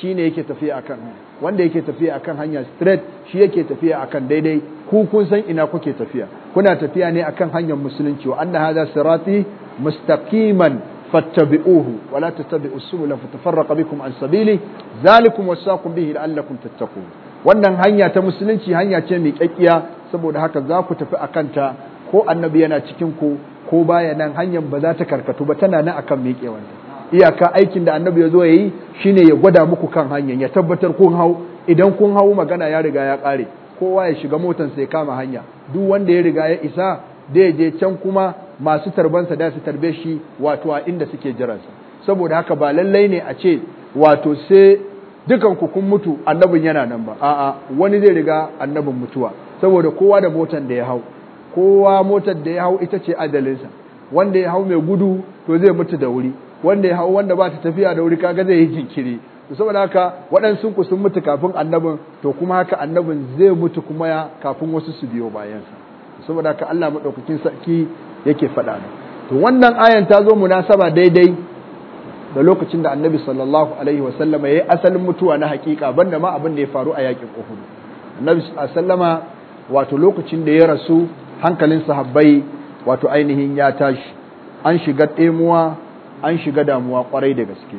shine yake tafiya akan wanda yake tafiya akan hanya straight shi yake tafiya akan daidai ku kun san ina kuke tafiya kuna tafiya ne akan hanyar musulunci wa anna hadha sirati mustaqiman fattabi'uhu wa la tattabi'us subula fatafarraqa bikum an sabili zalikum wasaqu bihi la'allakum tattaqun wannan hanya ta musulunci hanya ce mai kyakkiya saboda haka za ku tafi akan ta ko annabi yana cikin ku ko baya nan hanyar ba za ta karkatu ba tana nan akan mai iyaka aikin da annabi ya zo ya yi shine ya gwada muku kan hanyar ya tabbatar kun hau idan kun hau magana ya riga ya kare kowa ya shiga motan sai kama hanya duk wanda ya riga ya isa da ya je can kuma masu tarbansa da su tarbe shi wato a inda suke jiransa saboda haka ba lallai ne a ce wato sai dukan kun mutu annabin yana nan ba a'a wani zai riga annabin mutuwa saboda kowa da motar da ya hau kowa motar da ya hau ita ce adalinsa wanda ya hau mai gudu to zai mutu da wuri wanda ya hau wanda ba ta tafiya da wuri kaga zai yi jinkiri saboda haka waɗansu ku sun mutu kafin annabin to kuma haka annabin zai mutu kuma ya kafin wasu su biyo bayansa saboda haka Allah madaukakin sarki yake faɗa to wannan ayan ta zo munasaba daidai da lokacin da annabi sallallahu alaihi wasallama ya yi asalin mutuwa na hakika banda ma abin da ya faru a yakin uhud annabi sallama wato lokacin da ya rasu hankalin sahabbai wato ainihin ya tashi an shiga ɗemuwa an shiga damuwa kwarai da gaske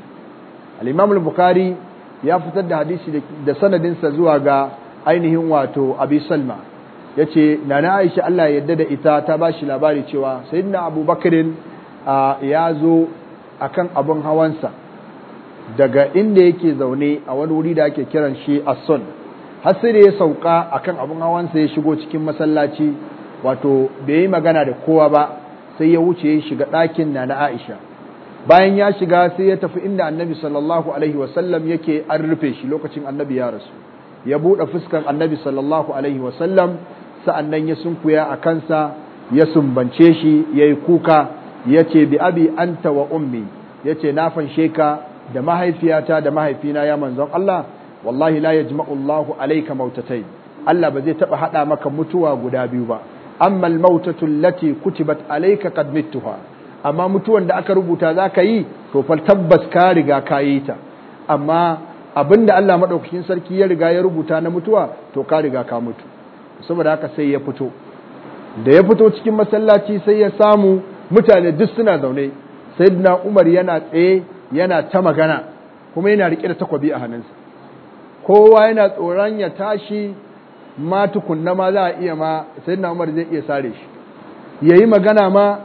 al-imam al-bukhari ya fitar da hadisi da sanadinsa zuwa ga ainihin wato abi salma ya nana aisha allah ya yarda da ita ta ba shi labari cewa sayyidina abubakar ya zo akan abin hawansa daga inda yake zaune a wani wuri da ake kiran shi as har sai da ya sauka akan abin hawansa ya shigo cikin masallaci wato bai yi magana da kowa ba sai ya wuce ya shiga ɗakin na na Aisha bayan ya shiga sai ya tafi inda annabi sallallahu alaihi wasallam yake an rufe shi lokacin annabi ya rasu ya buɗe fuskar annabi sallallahu alaihi wasallam sa'annan ya sunkuya a kansa ya sumbance shi ya yi kuka yace bi abi anta wa ummi ya ce na fanshe ka da mahaifiyata da mahaifina ya manzon Allah wallahi la yajma'u Allahu alaika mautatai Allah ba zai taba haɗa maka mutuwa guda biyu ba amma almautatu lati kutibat alaika qad mittuha amma mutuwan da aka rubuta za ka yi to fa tabbas ka riga ka yi ta amma abinda Allah madaukakin sarki ya riga ya rubuta na mutuwa to ka riga ka mutu saboda haka sai ya fito da ya fito cikin masallaci sai ya samu mutane duk suna zaune sayyidina umar yana tsaye yana ta magana kuma yana rike da takwabi a hannunsa kowa yana tsoron ya tashi ma tukunna ma za a iya ma sayyidina umar zai iya sare shi ya yi magana ma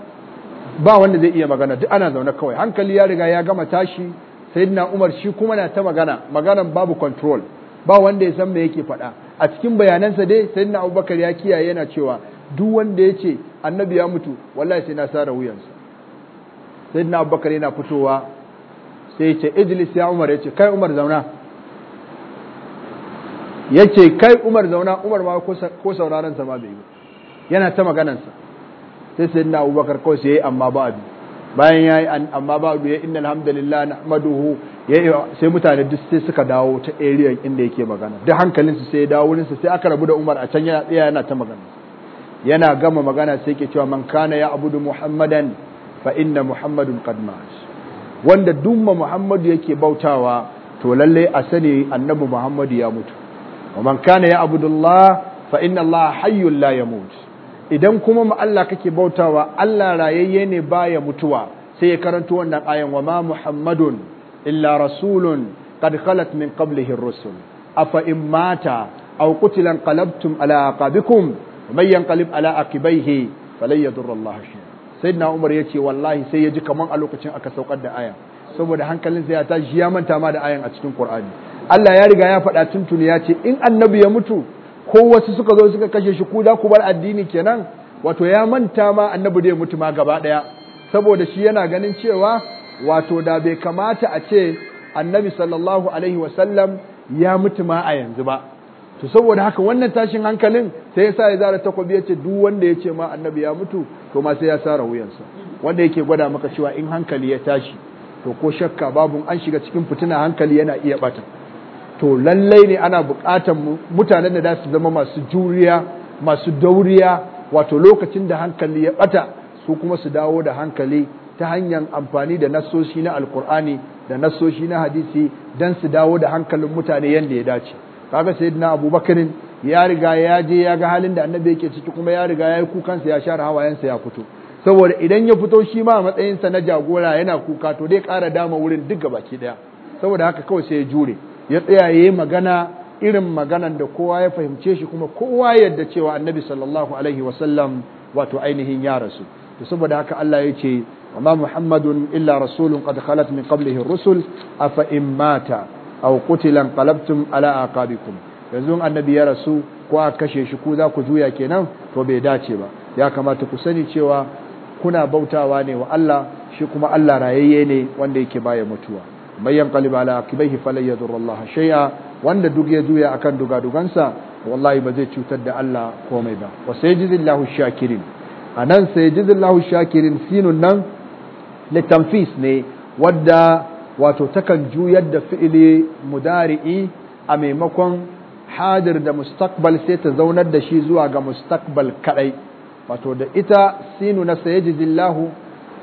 ba wanda zai iya magana duk ana zaune kawai hankali ya riga ya gama tashi sayyidina umar shi kuma na ta magana maganan babu control ba wanda ya san me yake faɗa a cikin bayanansa dai sai abubakar ya kiyaye yana cewa duk wanda ya ce annabi ya mutu wallahi sai na sara wuyansa sayyidina abubakar yana fitowa sai ce ijlis ya umar ya ce kai umar zauna Ya ce kai umar zauna umar ma ko sauraron sa ma bai yi yana ta maganansa. sai sayyidina abubakar kawai sai amma ba abi bayan ya yi amma ba ya inna alhamdulillah na maduhu sai mutane duk sai suka dawo ta area inda yake magana da hankalinsu sai ya dawo wurinsa sai aka rabu da umar a can yana ta magana yana gama magana sai yake cewa man kana ya abudu muhammadan fa inna muhammadun qad wanda dumma muhammadu yake bautawa to lalle a sani annabi muhammadu ya mutu wa man kana ya abudu allah fa inna allah hayyul la yamut idan kuma ma Allah kake bautawa Allah rayayye ne baya mutuwa sai ya karanto wannan ayan wa ma muhammadun illa rasulun qad khalat min qablihi ar-rusul afa in mata aw qutila qalabtum ala aqabikum ومن ينقلب ala عقبيه فلن يضر الله شيئا سيدنا Umar yace wallahi sai ya ji kaman a lokacin aka saukar da aya saboda hankalin sai ya tashi ya manta ma da ayan a cikin Qur'ani Allah ya riga ya faɗa tuntuni ya ce in annabi ya mutu ko wasu suka zo suka kashe shi ku da ku bar addini kenan wato ya manta ma annabi da ya mutu ma gaba daya saboda shi yana ganin cewa wato da bai kamata a ce annabi sallallahu alaihi wasallam ya mutu ma a yanzu ba to saboda haka wannan tashin hankalin sai ya sa ya zara takobi ya ce duk wanda ya ce ma annabi ya mutu to ma sai ya sara wuyansa wanda yake gwada maka cewa in hankali ya tashi to ko shakka babu an shiga cikin fitina hankali yana iya bata to lallai ne ana buƙatar mutanen da za su zama masu juriya masu dauriya wato lokacin da hankali ya bata su kuma su dawo da hankali ta hanyar amfani da nasoshi na alkur'ani da nasoshi na hadisi don su dawo da hankalin mutane yadda ya dace kaga sayyidina abubakar ya riga ya je ya ga halin da annabi yake ciki kuma ya riga ya yi kukansa ya share hawayensa ya fito saboda idan ya fito shi ma a matsayin sa na jagora yana kuka to dai kara dama wurin duk baki daya saboda haka kawai sai ya jure ya tsaya yayi magana irin maganan da kowa ya fahimce shi kuma kowa ya yadda cewa annabi sallallahu alaihi wasallam wato ainihin ya rasu to saboda haka Allah ya ce amma muhammadun illa rasulun qad khalat min qablihi rusul afa in mata aw qutilan qalabtum ala aqabikum yanzu annabi ya rasu ko a kashe shi ku za ku juya kenan to bai dace ba ya kamata ku sani cewa kuna bautawa ne wa Allah shi kuma Allah rayayye ne wanda yake baya mutuwa bayan qalib ala aqibaihi falan Allah shay'a wanda duk ya juya akan dugadugansa wallahi ba zai cutar da Allah komai ba wa sayjizillahu shakirin anan sayjizillahu shakirin sinun nan litanfis ne wadda wato takan juyar da fi'ili mudari'i a maimakon hadir da mustaqbal sai ta zaunar da shi zuwa ga mustaqbal kadai wato da ita sinu na sayajidillahu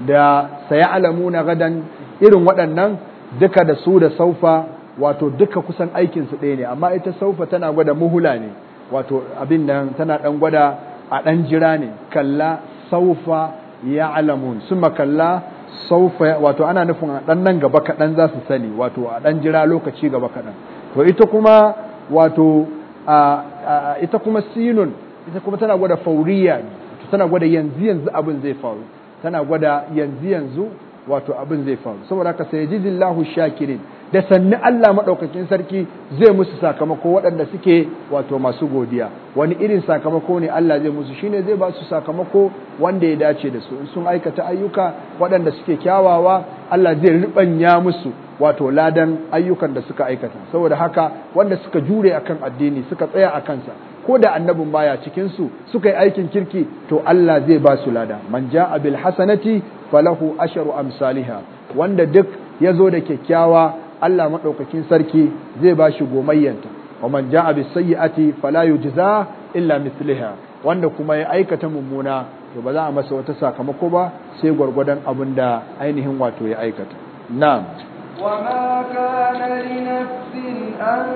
da saya'lamu na gadan irin waɗannan duka da su da saufa wato duka kusan aikin su ɗaya ne amma ita saufa tana gwada muhula ne wato abin nan tana ɗan gwada a ɗan jira ne kalla saufa ya'lamun suma kalla saufa wato ana nufin a ɗan nan gaba kaɗan za su sani wato a ɗan jira lokaci gaba kaɗan to ita kuma wato ita kuma sinun ita kuma tana gwada fauriya ne tana gwada yanzu yanzu abin zai faru tana gwada yanzu yanzu wato abin zai faru saboda haka sayajidillahu shakirin da sannu Allah maɗaukakin sarki zai musu sakamako waɗanda suke wato masu godiya wani irin sakamako ne Allah zai musu shine zai ba su sakamako wanda ya dace da su sun aikata ayyuka waɗanda suke kyawawa Allah zai ya musu wato ladan ayyukan da suka aikata saboda haka wanda suka jure akan addini suka tsaya a kansa ko da annabin baya cikin su suka yi aikin kirki to Allah zai ba su lada man ja'a bil hasanati falahu asharu amsalihah wanda duk ya zo da kyakkyawa Allah maɗaukakin sarki zai bashi gomayyanta wa man ja'a bis sayyi'ati fala yujza illa misliha wanda kuma ya aikata mummuna to ba za a masa wata sakamako ba sai gwargwadon abin da ainihin wato ya aikata na'am وما كان ta أن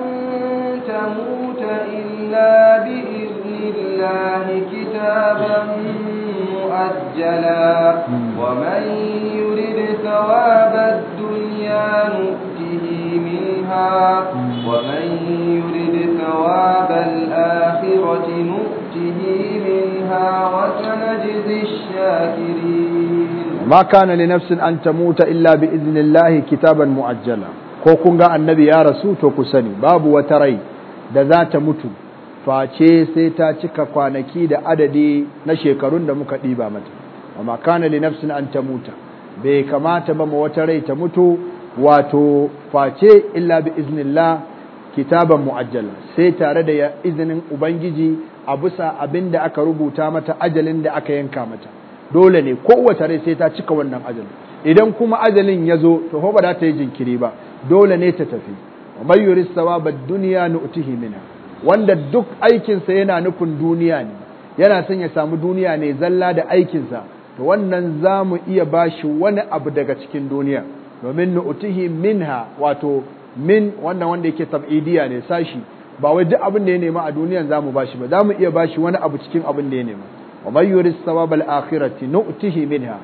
تموت إلا بإذن kitaban كتابا مؤجلا ومن يرد ثواب الدنيا نؤمن فيه منها ومن يرد ثواب الآخرة نؤته منها وسنجزي الشاكرين ما كان لنفس أن تموت إلا بإذن الله كتابا مؤجلا ko kun ga annabi ya rasu to ku sani babu wata rai da za ta mutu face sai ta cika kwanaki da adadi na shekarun da muka ɗiba mata amma kana li nafsin an ta muta bai kamata ba ma wata rai ta mutu wato face illa bi iznillah kitaban mu'ajjala sai tare da izinin ubangiji a bisa abin da aka rubuta mata ajalin da aka yanka mata dole ne kowace rai sai ta cika wannan ajalin idan kuma ajalin ya zo to ba za ta yi jinkiri ba dole ne ta tafi mai yuri sawaba duniya nu'tihi minha wanda duk aikinsa yana nufin duniya ne yana son ya samu duniya ne zalla da aikinsa to wannan za mu iya bashi wani abu daga cikin duniya domin nu'tihi minha wato min wannan wanda yake tab'idiya ne sashi ba wai duk abin da ya nema a duniyan zamu bashi ba zamu iya bashi wani abu cikin abin da ya nema wa may yurid sawab al akhirati nu'tihi minha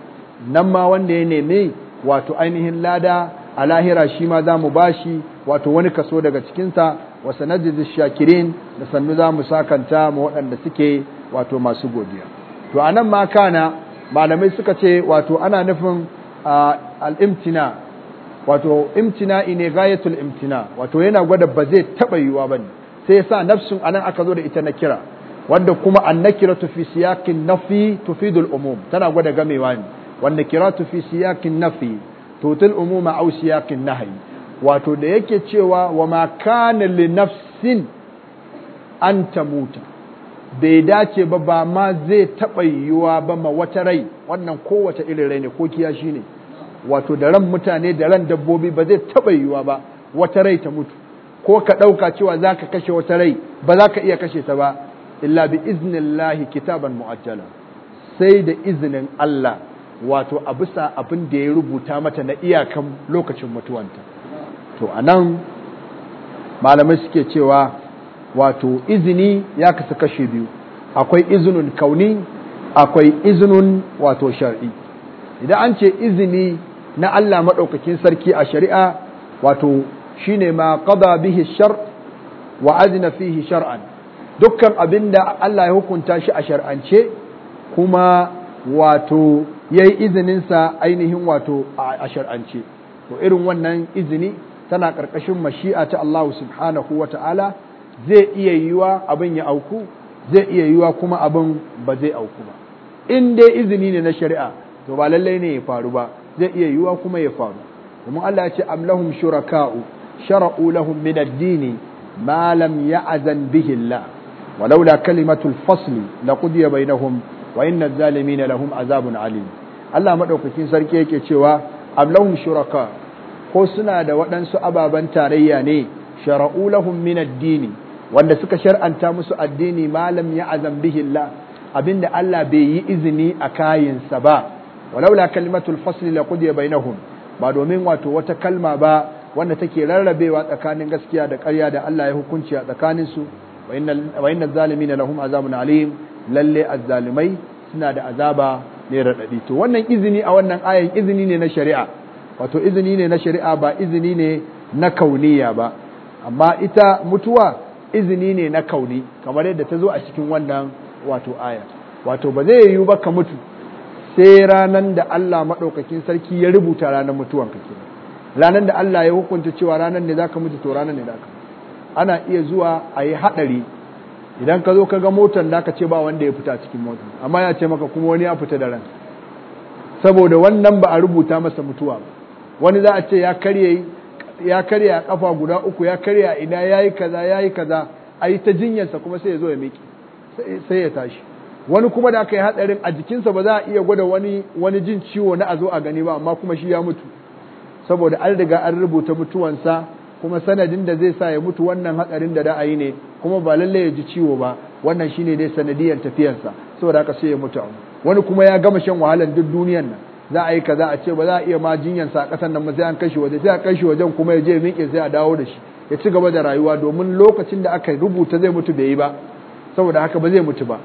nan ma wanda ya neme wato ainihin lada a lahira shi ma zamu bashi wato wani kaso daga cikin sa wa sanajjiz shakirin da sannu zamu sakanta mu waɗanda suke wato masu godiya to anan ma kana malamai suka ce wato ana nufin al’imtina wato imtina ne gayatul imtina wato yana gwada ba zai taba ba ne sai ya sa nafsun anan aka zo da ita na kira wanda kuma kira tufi siyakin nafi tufi dul umum tana gwada gamewa ne wanda kira tufi siyakin nafi tutul umuma au siyakin nahyi wato da yake cewa wa ma kana li nafsin an tamuta bai dace ba ba ma zai taɓa yiwuwa ba ma wata rai wannan kowace irin rai ne ko kiyashi ne wato da ran mutane da ran dabbobi ba zai taɓa yiwuwa ba wata rai ta mutu ko ka ɗauka cewa za ka kashe wata rai ba za ka iya kashe ta ba illa bi iznillahi kitaban mu'ajjala sai da izinin Allah wato a bisa abin da ya rubuta mata na iyakan lokacin mutuwanta to a nan malamai suke cewa wato izini ya kasa kashe biyu akwai izinin kauni akwai izinin wato shar'i idan an ce izini na Allah madaukakin sarki a shari'a wato shine ma qada bihi shar wa fihi shar'an dukkan abinda Allah ya hukunta shi a shar'ance kuma wato yayi yi sa ainihin wato a shar'ance to irin wannan izini tana ƙarƙashin mashi'a ta Allah subhanahu wata'ala zai iya yiwa abin ya auku zai iya yiwa kuma abin ba zai auku ba in dai izini ne na shari'a to ba lallai ne ya faru ba zai iya yiwuwa kuma ya faru kuma Allah ya ce am shuraka'u shara'u lahum min ad-dini ma lam ya'zan bihi Allah walaula kalimatul fasli laqudiya bainahum wa inna adh-dhalimina lahum azabun alim Allah madaukakin sarki yake cewa am lahum shuraka ko suna da waɗansu ababen tarayya ne shara'u lahum min ad-dini wanda suka shar'anta musu addini ma lam ya'zan bihi Allah abinda Allah bai yi izini a kayinsa ba walaula kalimatul fasli laqudiya hun ba domin wato wata kalma ba wanda take rarrabewa tsakanin gaskiya da ƙarya da Allah ya hukunci a tsakanin su wa innal na lahum azabun alim lalle azzalimai suna da azaba ne radadi to wannan izini a wannan ayan izini ne na shari'a wato izini ne na shari'a ba izini ne na kauniya ba amma ita mutuwa izini ne na kauni kamar yadda ta zo a cikin wannan wato aya wato ba zai yiwu ba ka mutu sai ranar da Allah maɗaukakin sarki ya rubuta ranar mutuwan ka kenan ranar da Allah ya hukunta cewa ranan ne ka mutu to ranar ne za ka ana iya zuwa a yi haɗari idan ka zo ka ga motar da ka ce ba wanda ya fita cikin motar amma ya ce maka kuma wani ya fita da ran saboda wannan ba a rubuta masa mutuwa ba wani za a ce ya karye a kafa guda uku ya karye a ina yayi kaza yayi kaza ayi ta jinyarsa kuma sai ya zo ya miki sai ya tashi wani kuma da aka yi hadarin a jikinsa ba za a iya gwada wani wani jin ciwo na a zo a gani ba amma kuma shi ya mutu saboda an riga an rubuta mutuwansa kuma sanadin da zai sa ya mutu wannan hadarin da da yi ne kuma ba lalle ya ji ciwo ba wannan shine dai sanadiyar tafiyarsa saboda aka sai ya mutu wani kuma ya gama shan wahalan duk duniyan nan za a yi kaza a ce ba za a iya ma jinyansa a kasan nan ba sai an kashi waje sai a kashi wajen kuma ya je miƙe sai a dawo da shi ya ci gaba da rayuwa domin lokacin da aka rubuta zai mutu bai yi ba saboda haka ba zai mutu ba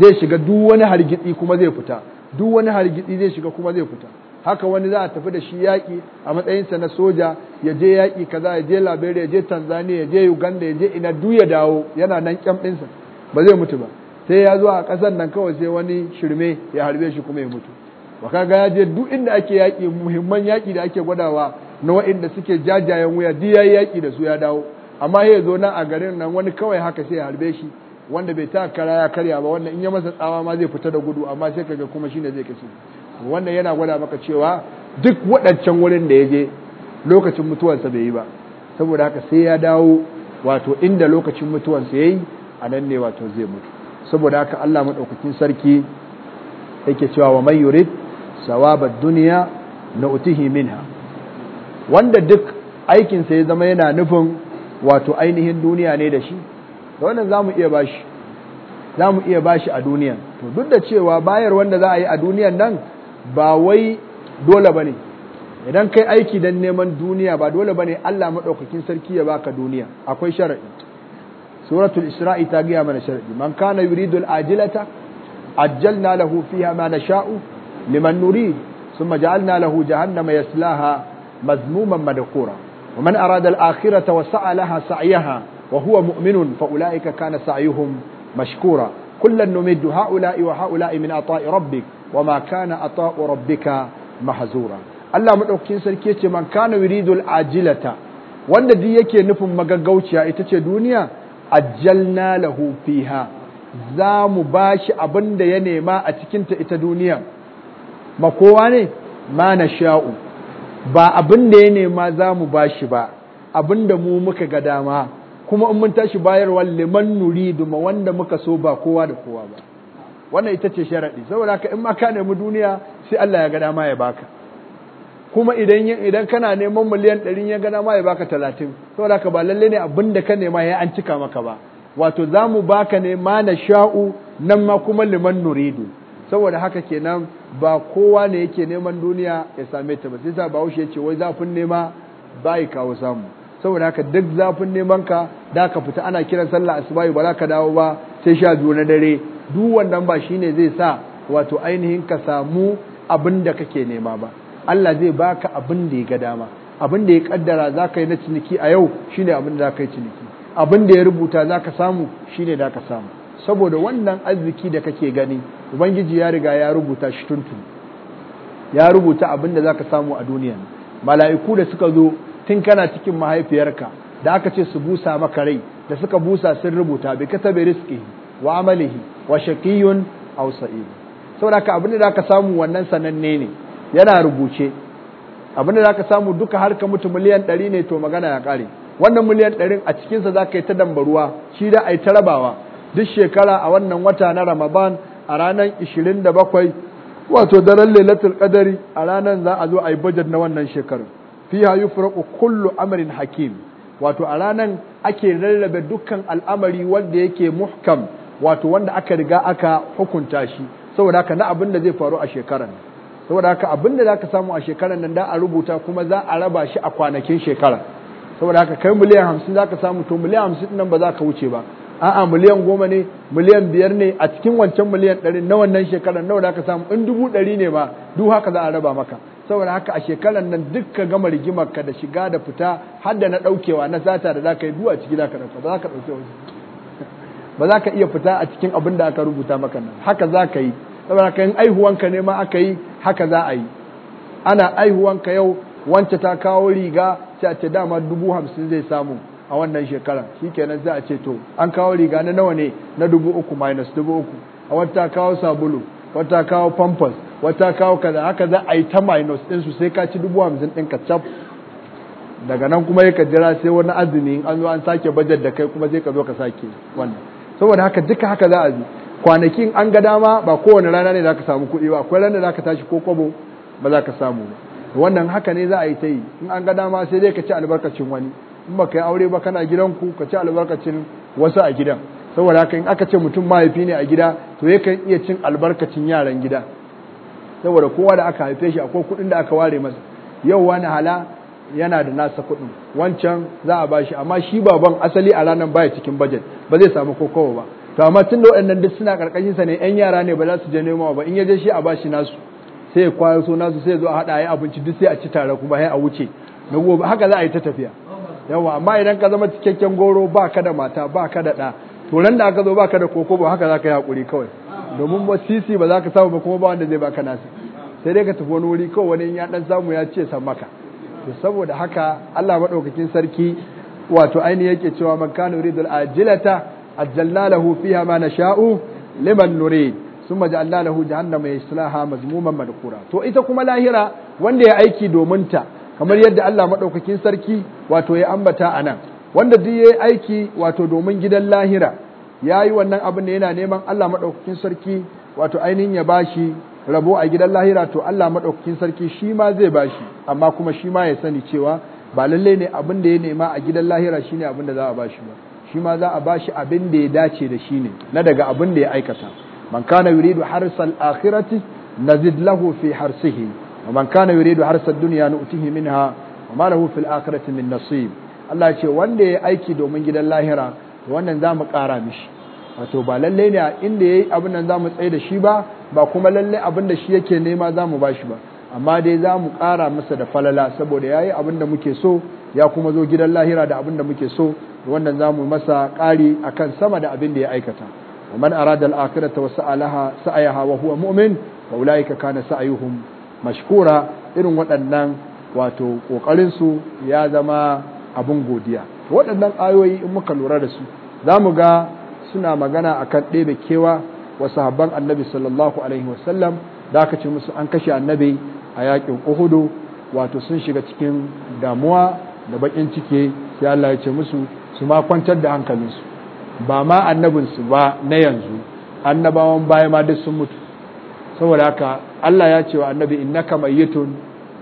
zai shiga duk wani hargitsi kuma zai fita duk wani hargitsi zai shiga kuma zai fita haka wani za a tafi da shi yaƙi a matsayinsa na soja ya je yaƙi kaza ya je Liberia ya je Tanzania ya je Uganda ya je ina duk ya dawo yana nan kyam ɗinsa ba zai mutu ba sai ya zo a ƙasar nan kawai sai wani shirme ya harbe shi kuma ya mutu ba kaga ya je duk inda ake yaƙi muhimman yaƙi da ake gwadawa na waɗanda suke jajayen wuya duk yayi yaƙi da su ya dawo amma ya zo nan a garin nan wani kawai haka sai ya harbe shi wanda bai ta kara ya karya ba wanda in ya masa tsawa ma zai fita da gudu amma sai kaga kuma shine zai kace wannan yana gwada maka cewa duk wadancan wurin da ya je lokacin mutuwarsa bai yi ba saboda haka sai ya dawo wato inda lokacin mutuwarsa yayi a nan ne wato zai mutu saboda haka Allah madaukakin sarki yake cewa wa may yurid sawabad dunya nu'tihi minha wanda duk aikinsa ya zama yana nufin wato ainihin duniya ne da shi da wannan za mu iya bashi za mu iya bashi a duniya to duk da cewa bayar wanda za a yi a duniyan nan ba wai dole ba ne idan kai aiki don neman duniya ba dole ba ne Allah maɗaukakin sarki ya baka duniya akwai shara'i suratul isra'i ta gaya mana shara'i man kana yuridu al-ajilata ajjalna lahu fiha ma nasha'u liman nurid ثم جعلنا له جهنم يسلاها مذموما مدحورا ومن أراد الآخرة وسعى لها سعيها وهو مؤمن فأولئك كان سعيهم مشكورا كلا نمد هؤلاء وهؤلاء من عطاء ربك وما كان عطاء ربك محزورا Allah madaukakin sarki ce man kana yuridul ajilata wanda duk yake nufin magaggauciya ita ce duniya ajjalna lahu fiha za mu bashi abin da ya nema a cikin ta ita duniya ma kowa ne ma na sha'u ba abin da ya nema za mu bashi ba abin da mu muka ga dama kuma in mun tashi bayarwa liman nuridu ma wanda muka so ba kowa da kowa ba wannan ita ce sharadi saboda haka in ma ka nemi duniya sai Allah ya ga dama ya baka kuma idan idan kana neman miliyan 100 ya ga dama ya baka 30 saboda haka ba lalle ne abin da ka nema ya an cika maka ba wato zamu baka ne ma na sha'u nan ma kuma liman nuridu saboda haka kenan ba kowa ne yake neman duniya ya same ta ba sai sa Bahaushe ya ce wai zafin nema bai kawo samu saboda haka duk zafin neman ka da ka fita ana kiran sallah asubahi ba za ka dawo ba sai sha biyu na dare duk wannan ba shine zai sa wato ainihin ka samu abin da kake nema ba Allah zai baka abin da ya ga dama abin da ya kaddara za ka yi na ciniki a yau shine abin da za ka yi ciniki abin da ya rubuta za ka samu shine da ka samu saboda wannan arziki da kake gani ubangiji ya riga ya rubuta shi tuntun ya rubuta abin da za ka samu a duniya mala'iku da suka zo tun kana cikin mahaifiyarka da aka ce su busa maka rai da suka busa sun rubuta bi bai rizqihi wa amalihi wa shaqiyyun aw sa'id saboda ka abin da zaka samu wannan sananne ne yana rubuce abin da zaka samu duka har ka mutu miliyan ɗari ne to magana ya kare wannan miliyan 100 a cikin sa zaka yi ta dambaruwa shi da ai ta rabawa duk shekara a wannan wata na Ramadan a ranar 27 wato daren Lailatul Qadari a ranar za a zo ai budget na wannan shekarar fiha yufraqu kullu amrin hakim wato a ranan ake rarrabe dukkan al'amari wanda yake muhkam wato wanda aka riga aka hukunta shi saboda haka na abin da zai faru a shekaran saboda haka abin da zaka samu a shekaran nan da a rubuta kuma za a raba shi a kwanakin shekaran saboda haka kai miliyan hamsin zaka samu to miliyan hamsin nan ba za ka wuce ba a'a miliyan goma ne miliyan biyar ne a cikin wancan miliyan ɗari na wannan shekarar nawa da ka samu in dubu ɗari ne ba duk haka za a raba maka saboda haka a shekarar nan dukka gama rigimar ka da shiga da fita har da na daukewa na sata da zaka yi duwa ciki zaka dauka ba zaka dauke wani ba za ka iya fita a cikin abin da aka rubuta maka nan haka za ka yi saboda haka in aihuwanka ne ma aka yi haka za a yi ana aihuwanka yau wance ta kawo riga sai a ce dama dubu hamsin zai samu a wannan shekarar shikenan za a ce to an kawo riga na nawa ne na dubu uku minus dubu uku a wata kawo sabulu wata kawo pampers wata kawo kaza haka za a yi ta minus din su sai ka ci dubu hamsin din kacaf daga nan kuma ya jira sai wani azumi an zo an sake bajet da kai kuma sai ka zo ka sake wannan saboda haka duka haka za a bi kwanakin an ga dama ba kowane rana ne za ka samu kuɗi ba akwai rana za ka tashi ko kwabo ba za ka samu ba wannan haka ne za a yi ta yi in an ga dama sai dai ka ci albarkacin wani in ba ka yi aure ba kana gidanku ka ci albarkacin wasu a gidan saboda haka in aka ce mutum mahaifi ne a gida to yakan iya cin albarkacin yaran gida saboda kowa da aka haife shi akwai kuɗin da aka ware masa yau wani hala yana da nasa kuɗin wancan za a bashi amma shi baban asali a ranar baya cikin bajet ba zai samu kokowa ba to amma tun da waɗannan duk suna karkashin sa ne yan yara ne ba za su je nemo ba in ya je shi a ba shi nasu sai ya kwaya so nasu sai ya zo a haɗa ya abinci duk sai a ci tare kuma sai a wuce na gobe haka za a yi ta tafiya yawa amma idan ka zama cikakken goro ba ka da mata ba ka da ɗa to da aka zo baka da koko ba haka zaka yi hakuri kawai domin ba sisi ba za ka samu ba kuma ba wanda zai baka nasi sai dai ka tafi wani wuri kawai wani ya dan samu ya ce san maka to saboda haka Allah madaukakin sarki wato aini yake cewa man kana yuridul ajilata ajallalahu fiha ma nasha'u liman nurid thumma ja'alna jahannama yaslaha mazmuman madkura to ita kuma lahira wanda ya aiki domin ta kamar yadda Allah madaukakin sarki wato ya ambata anan wanda duk yayi aiki wato domin gidan lahira ya yi wannan abin da yana neman Allah madaukakin sarki wato ainihin ya bashi rabo a gidan lahira to Allah madaukakin sarki shi ma zai bashi amma kuma shi ma ya sani cewa ba lalle ne abin da ya nema a gidan lahira shine abin da za a bashi ba shi ma za a bashi abin da ya dace da shi ne na daga abin da ya aikata man kana yuridu harsal akhirati nazid lahu fi harsihi wa man kana yuridu harsad dunya nu'tihi minha wa ma lahu fil akhirati min nasib Allah ce wanda ya aiki domin gidan lahira wannan za mu ƙara mishi wato ba lalle ne inda ya yi abin nan za mu tsaye da shi ba ba kuma lalle abin da shi yake nema za mu ba shi ba amma dai za mu ƙara masa da falala saboda ya yi abin da muke so ya kuma zo gidan lahira da abin da muke so wannan za mu masa ƙari a kan sama da abin da ya aikata wa man arada al-akhirata wa sa'alaha sa'ayaha wa huwa mu'min fa ulaika kana sa'yuhum mashkura irin waɗannan wato ƙoƙarinsu ya zama abin godiya waɗannan ayoyi in muka lura da su za mu ga suna magana a kan ɗebe kewa wa sahabban annabi sallallahu alaihi wasallam da aka ce musu an kashe annabi a yaƙin uhudu wato sun shiga cikin damuwa da baƙin ciki sai Allah ya ce musu su ma kwantar da hankalinsu ba ma annabinsu ba na yanzu annabawan baya ma duk sun mutu saboda haka Allah ya ce wa annabi innaka mayyitun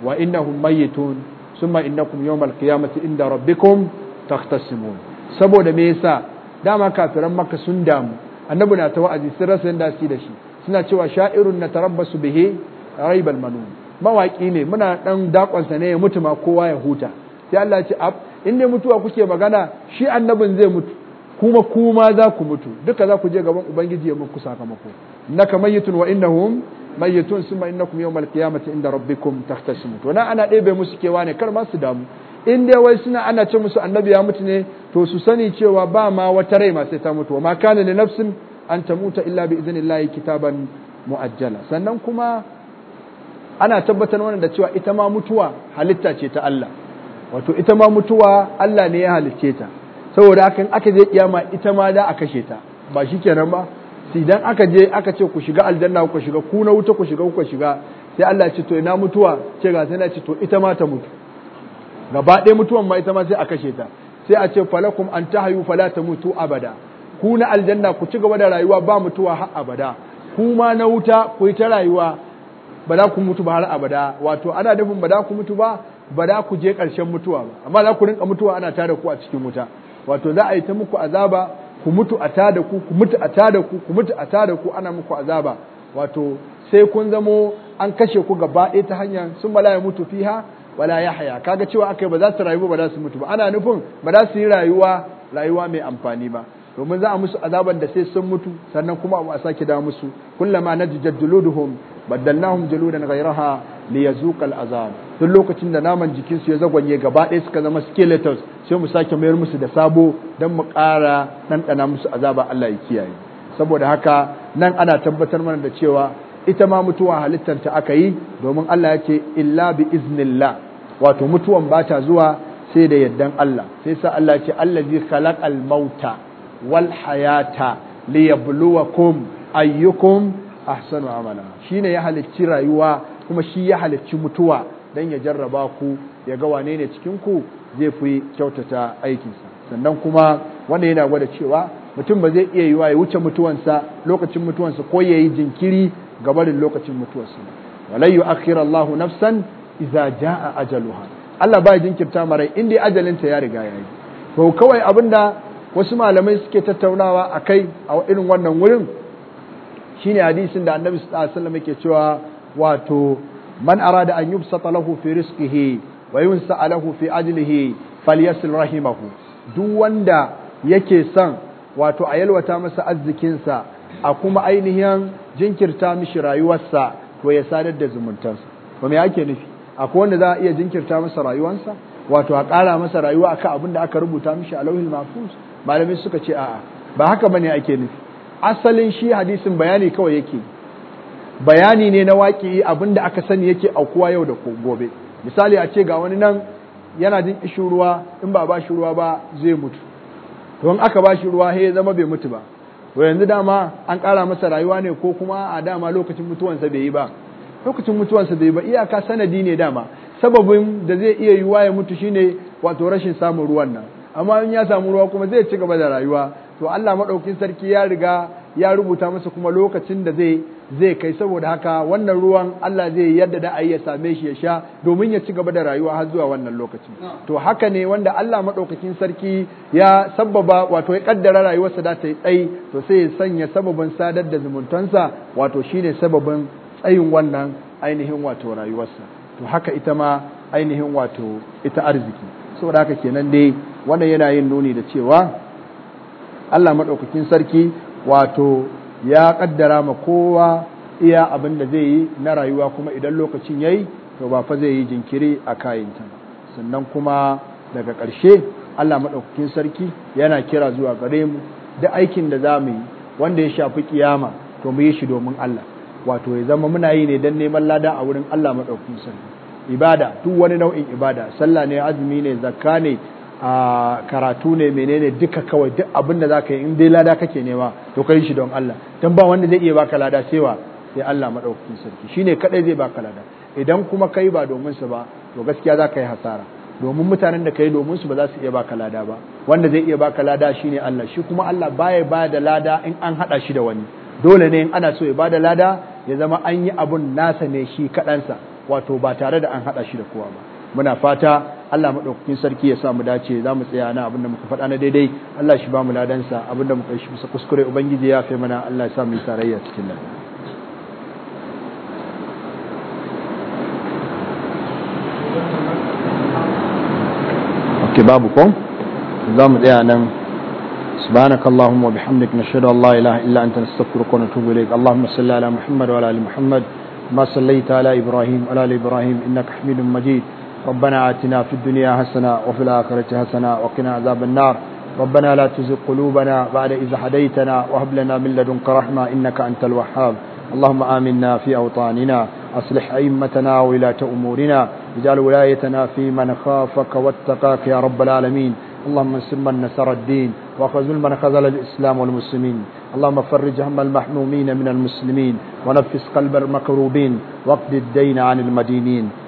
wa innahum mayyitun sun ma innakum yawmal qiyamati inda rabbikum takhtasimun saboda me yasa dama kafiran maka sun damu annabi na ta wa'azi sun rasa yanda su da shi suna cewa sha'irun tarabbasu bihi raibal manun mawaki ne muna dan dakonsa ne ya mutu ma kowa ya huta sai Allah ya ce ab in ne mutuwa kuke magana shi annabin zai mutu kuma kuma za ku mutu duka za ku je gaban ubangiji ya muku sakamako yi mayyitun wa innahum mayyitun summa innakum yawmal qiyamati inda rabbikum tahtasimun to nan ana debe musu kewa ne kar ma su damu in dai wai suna ana ce musu annabi ya mutu ne to su sani cewa ba ma wata rai ma sai ta mutu wa ma kana li nafsin an tamuta illa bi idnillahi kitaban muajjala sannan kuma ana tabbatar wannan da cewa ita ma mutuwa halitta ce ta Allah wato ita ma mutuwa Allah ne ya halicce ta saboda hakan aka je kiyama ita ma da a kashe ta ba shikenan ba idan aka je aka ce ku shiga aljanna ku shiga ku na wuta ku shiga ku shiga sai Allah ya ce to ina mutuwa ce ga sai na ce to ita ma ta mutu gaba ɗaya mutuwan ma ita ma sai a kashe ta sai a ce falakum an tahayu fala mutu abada ku na aljanna ku ci gaba da rayuwa ba mutuwa har abada ku ma na wuta ku yi ta rayuwa ba za ku mutu ba har abada wato ana nufin ba za ku mutu ba ba za ku je ƙarshen mutuwa ba amma za ku rinka mutuwa ana tare ku a cikin wuta wato za a yi ta muku azaba ku mutu a tada ku ku mutu a tada ku ku mutu a tada ku ana muku azaba wato sai kun zamo an kashe ku gaba ɗaya ta hanyar sun bala ya mutu fiha wala ya haya kaga cewa aka ba za su rayu ba za su mutu ba ana nufin ba za su yi rayuwa rayuwa mai amfani ba domin za a musu azaban da sai sun mutu sannan kuma abu a sake da musu kullama najjad juluduhum baddalnahum juludan ghayraha liyazuqal azab duk lokacin da naman jikinsu ya zagwanye gaba ɗaya suka zama skeletons sai mu sake mayar musu da sabo don mu ƙara ɗanɗana musu azaba Allah ya kiyaye saboda haka nan ana tabbatar mana da cewa ita ma mutuwa halittar ta aka yi domin Allah ya ce illa bi iznillah wato mutuwan ba ta zuwa sai da yardan Allah sai sa Allah ya ce allazi khalaqal mauta wal hayata liyabluwakum ayyukum ahsanu amala shine ya halicci rayuwa kuma shi ya halicci mutuwa don ya jarraba ku ya ga wane ne cikin ku zai fi kyautata aikinsa sannan kuma wanda yana gwada cewa mutum ba zai iya yiwa ya wuce mutuwansa lokacin mutuwansa ko ya yi jinkiri ga barin lokacin mutuwarsa walai yu'akhir Allahu nafsan idza jaa ajaluha Allah ba jinkirta mara inda ajalin ajalinta ya riga ya yi to kawai abinda wasu malamai suke tattaunawa a kai a irin wannan wurin shine hadisin da Annabi sallallahu alaihi wasallam yake cewa wato man arada an yubsata lahu fi rizqihi wa yunsa fi ajlihi falyasil rahimahu duk wanda yake son wato a yalwata masa arzikinsa a kuma ainihin jinkirta mishi rayuwarsa to ya sadar da zumuntansa to me yake nufi akwai wanda za a iya jinkirta masa rayuwarsa wato a ƙara masa rayuwa akan abin da aka rubuta mishi a lauhil mahfuz malamai suka ce a'a ba haka bane ake nufi asalin shi hadisin bayani kawai yake bayani ne na waƙi da aka sani yake aukuwa yau da gobe misali a ce ga wani nan yana jin ishin ruwa in ba ba shi ruwa ba zai mutu to in aka ba shi ruwa he zama bai mutu ba ba yanzu dama an ƙara masa rayuwa ne ko kuma a dama lokacin mutuwansa bai yi ba lokacin mutuwansa bai yi ba iyaka sanadi ne dama sababin da zai iya yiwuwa ya mutu shine wato rashin samun ruwan nan amma in ya samu ruwa kuma zai ci gaba da rayuwa to Allah madaukin sarki ya riga ya rubuta masa kuma lokacin da zai zai kai saboda haka wannan ruwan Allah zai yadda da ayi ya same shi ya sha domin ya ci gaba da rayuwa har zuwa wannan lokaci to haka ne wanda Allah madaukakin sarki ya sababa wato ya ƙaddara rayuwarsa da ta yi tsayi to sai ya sanya sababin sadar da zumuntansa wato shine sababin tsayin wannan ainihin wato rayuwarsa to haka ita ma ainihin wato ita arziki saboda haka kenan dai wannan yana yin nuni da cewa Allah madaukakin sarki wato ya kaddara ma kowa iya abin da zai yi na rayuwa kuma idan lokacin ya yi to ba fa zai yi jinkiri a kayanta sannan kuma daga ƙarshe Allah maɗaukakin sarki yana kira zuwa gare mu da aikin da za mu yi wanda ya shafi kiyama to mu yi shi domin Allah wato ya zama muna yi ne don neman lada a wurin Allah maɗaukakin sarki ibada duk wani nau'in ibada sallah ne azumi ne zakka ne a karatu ne menene duka kawai duk abin da zaka yi in dai lada kake nema to kai shi don Allah dan ba wanda zai iya baka lada cewa sai Allah madaukakin sarki shine kadai zai baka lada idan kuma kai ba domin su ba to gaskiya zaka yi hasara domin mutanen da kai domin su ba za su iya baka lada ba wanda zai iya baka lada shine Allah shi kuma Allah baya ba da lada in an hada shi da wani dole ne in ana so ya bada lada ya zama an yi abun nasa ne shi kadansa wato ba tare da an hada shi da kowa ba muna fata Allah maɗaukakin sarki ya sa mu dace za mu tsaya na abinda muka faɗa na daidai Allah shi ba mu ladansa abinda muka yi shi bisa kuskure ubangiji ya fe mana Allah ya sa mu yi tarayya cikin nan okay babu ko za mu tsaya nan سبحانك اللهم وبحمدك نشهد ان لا اله الا انت نستغفرك ونتوب اليك اللهم صل على محمد وعلى ال محمد ما صليت على ابراهيم وعلى ال ابراهيم انك حميد مجيد ربنا آتنا في الدنيا حسنة وفي الآخرة حسنة وقنا عذاب النار ربنا لا تزغ قلوبنا بعد إذ هديتنا وهب لنا من لدنك رحمة إنك أنت الوهاب اللهم آمنا في أوطاننا أصلح أئمتنا وولاة أمورنا اجعل ولايتنا في من خافك واتقاك يا رب العالمين اللهم انصر من نصر الدين واخذل من خذل الإسلام والمسلمين اللهم فرج هم المحمومين من المسلمين ونفس قلب المكروبين واقض الدين عن المدينين